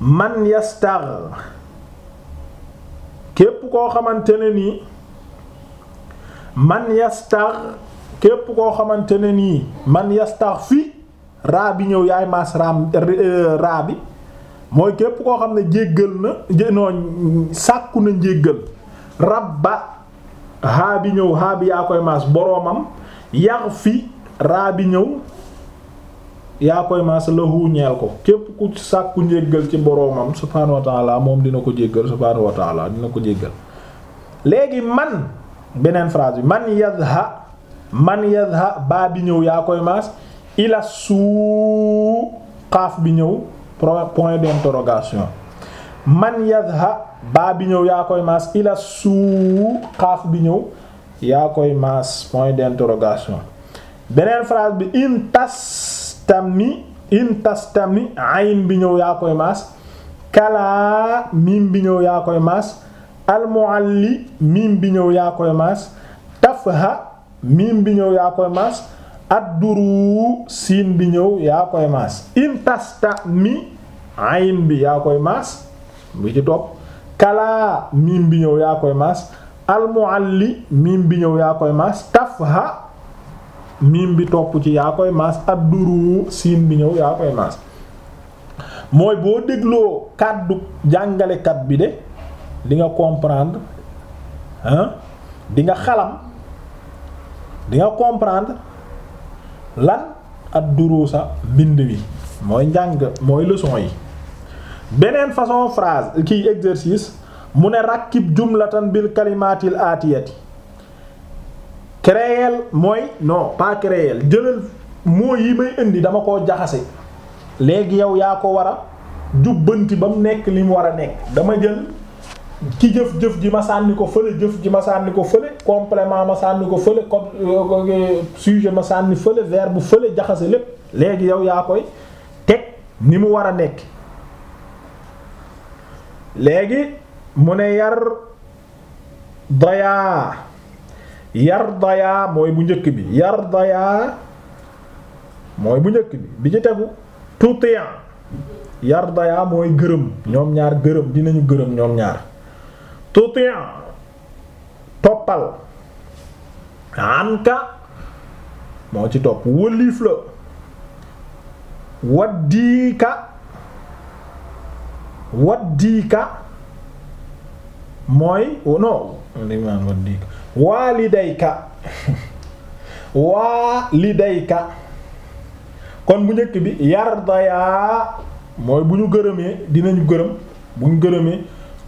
man yastagh képp koo xamante nii man yastagh képp koo xamante ne nii man yastaxfi raa bi ñëw yaay maas raam euh, raa bi mooy képp koo xam ne jéggal na non sàkku na njéggal rabba haa bi ñëw haa bi yaa koy maas boroomam yaxfi raa bi ñëw yaa koy maas lahu ñeel ko képp ku sàkku njéggal ci boroomam subhaanahu wa ta'ala moom dina ko jéggal subhaanahu wa dina ko jéggal léegi man beneen phrase bi man yadha man yadha baa bi ñëw yaa koy maas ila suu xaaf bi ñëw point d'interrogation man yadha baa bi ñëw yaa koy maas ila suu xaaf bi ñëw yaa koy maas point d'interrogation beneen phrase bi in tastami in tastami ayn bi ñëw yaa koy maas kalaa miim bi ñëw yaa koy maas almualli miim bi ñëw yaa koy maas tafha miim bi ñëw yaa koy maas adduru siin bi ñëw yaa koy maas intasta mi ayin bi yaa koy maas bi ci topp kalaa miim bi ñëw yaa koy maas almualli miim bi ñëw yaa koy maas tafha miim bi topp ci yaa koy maas adduru siin bi ñëw yaa koy maas mooy boo dégloo kàddu jàngalekat bi de di nga comprendre hein di xalam di comprendre la ad duruusa mbind bi mooy njàng mooy leçon yi beneen façon phrase kiy exercice mu ne rakkib jumlatan bil kalimaatil aatiyati créer mooy non pas créer jëlal moo yi may indi dama ko jaxase léegi yow yaa ko war a jubbanti ba mu nekk li mu war a nekk dama jël ki jëf jëf ji ma sànni ko fële jëf ji ma sànni ko fële complément ma sànni ko fële comme euh, euh, sujet ma sànni fële verbe fële jaxase lépp léegi yow yaa koy teg ni mu war a nekk léegi mu ne yar dayaa yar dayaa mooy bu njëkk bi yar dayaa mooy bu njëkk bi bi ci tegu tuutiyan yar dayaa mooy gërëm ñoom ñaar gërëm dinañu gërëm ñoom ñaar tuti' toppal anka moo ci topp wëliif la waddiika waddiika mooy oh non limaan waddiika waalidayka waalidayka kon bu njëkk bi yardayaa mooy bu ñu gërëmee dinañu gërëm bu ñu gërëmee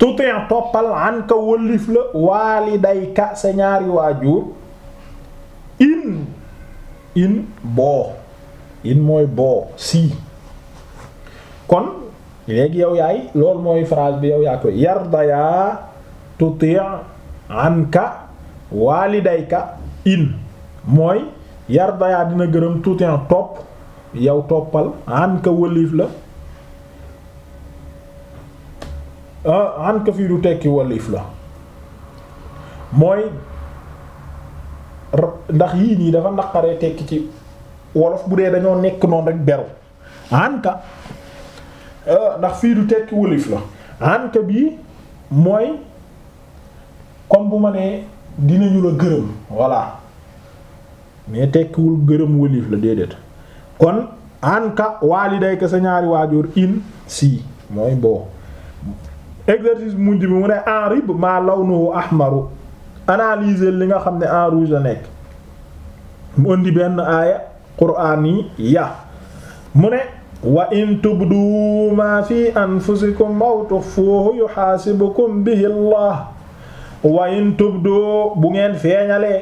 tutin toppal an ka wëllif la waalidayka sa ñaari waajur in in boo in mooy boo si kon léegi yow yaay loolu mooy phrase bi yow yaa koy yardayaa tutin an ka in mooy yardayaa dina gërëm tutin topp yow toppal an ka la han ka fii du tekki wallif la mooy ndax yii nii dafa naqaree tekki ci wolof bu dee dañoo nekk noonu rek beru han ah, ndax fii du tekki wallif la han bii mooy comme bu ma nee dinañu la gërëm voilà mais tekkiwul gërëm wallif la déedéet kon han ka waali sa ñaari waajur in si mooy boo exercice mujj bi mu ne enrib maa lawnuhu ahmaru analyser li nga xam ne en rouge la nekk mu indi benn aaya qur'ani ya mu ne wa in tubdu maa fi anfusikum aw tukhfuhu yuhasibukum bihi Allah wa in tubdu bu ngeen feeñalee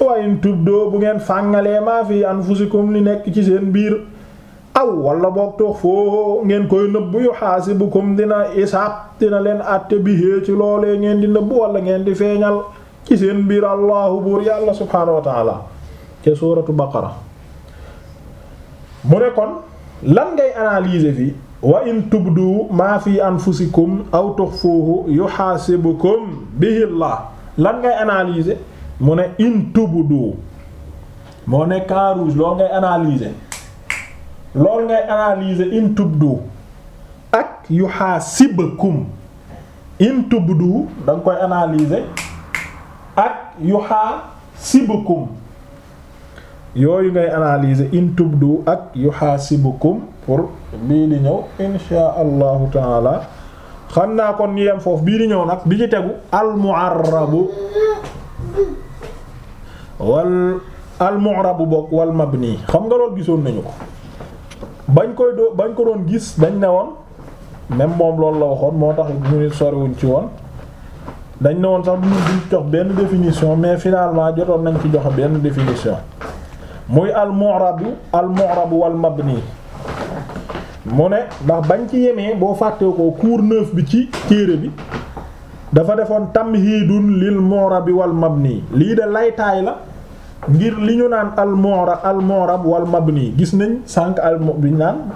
wa in tubdu bu ngeen fàngalee maa fi anfusikum li nekk ci seen biir walla wala boog toog foo ngeen koy nëbb yu xaasibukum dina isaab dina leen àtte bihee ci loolee ngeen di nëbb wala ngeen di feeñal ci seen biir allahu buur yàlla subhaanahu wa taala te suuratu baqara mu ne kon lan ngay analyser fii wa in tubdu maa fi anfusikum aw tuxfuuhu yuxaasibukum bihillah lan ngay analyser mu ne in tubdu moo ne cas loo ngay analyser loolu ngay analyser in tubdu ak yuhasibukum in tubdu danga koy analyser ak yuhasibukum yooyu ngay analyser in tubdu ak yuhasibukum pour bii di ñëw insha allahu taala xam naa kon ñu yem foofu bii di ñëw nag bi ci tegu almu'arrabu wal almu'rabu bokk wal mabni xam nga loolu gisoon nañu ko bañ koy doo bañ ko doon gis dañ ne woon même moom loolu la waxoon moo tax ñu soriwuñ ci woon dañ newoon woon sax duñu jox benn définition mais finalement jotoon nañ ci joxe benn définition muy al-mu'rabu al-mu'rabu wal mabni mu ne ndax bañ ci yemee boo fàttee ko neuf bi ci téere bi dafa defoon tamhidun lil mu'rabi wal mabni lii de laytaay la ngir li ñu naan almora almorab wal mabni gis nañ sànq almo bi naan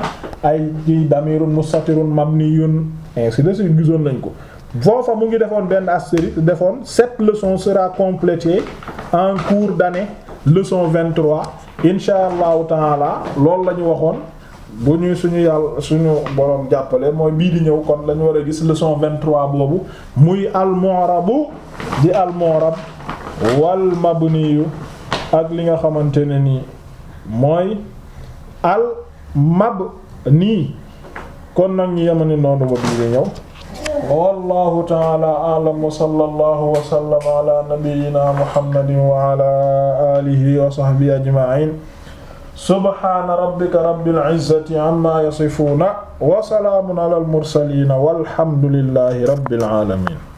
ay ci damirun mustatirun mabniyun ainsi de suite gisoon nañ ko foofa mu ngi defoon benn astérisque defoon cette leçon sera complétée en cours d'année leçon 23 insha allahu taala loolu la ñu waxoon bu ñuy suñu yàlla suñu borom jàppale mooy bii di ñëw kon lañu ñu war a gis leçon 23 boobu muy almorabu di almorab wal mabniyu ak li nga xamante ne nii mooy al mab nii kon nag ñu yemani noonu ba bii di ñëw wallahu taala a'lam wa sallallahu wa sallam ala nabiyyina muhammadin wa ala alihi wa sahbihi ajma'in subhana rabbika rabbil izzati amma yasifuna wa salaamun ala al mursalin walhamdulillahi rabbil alamin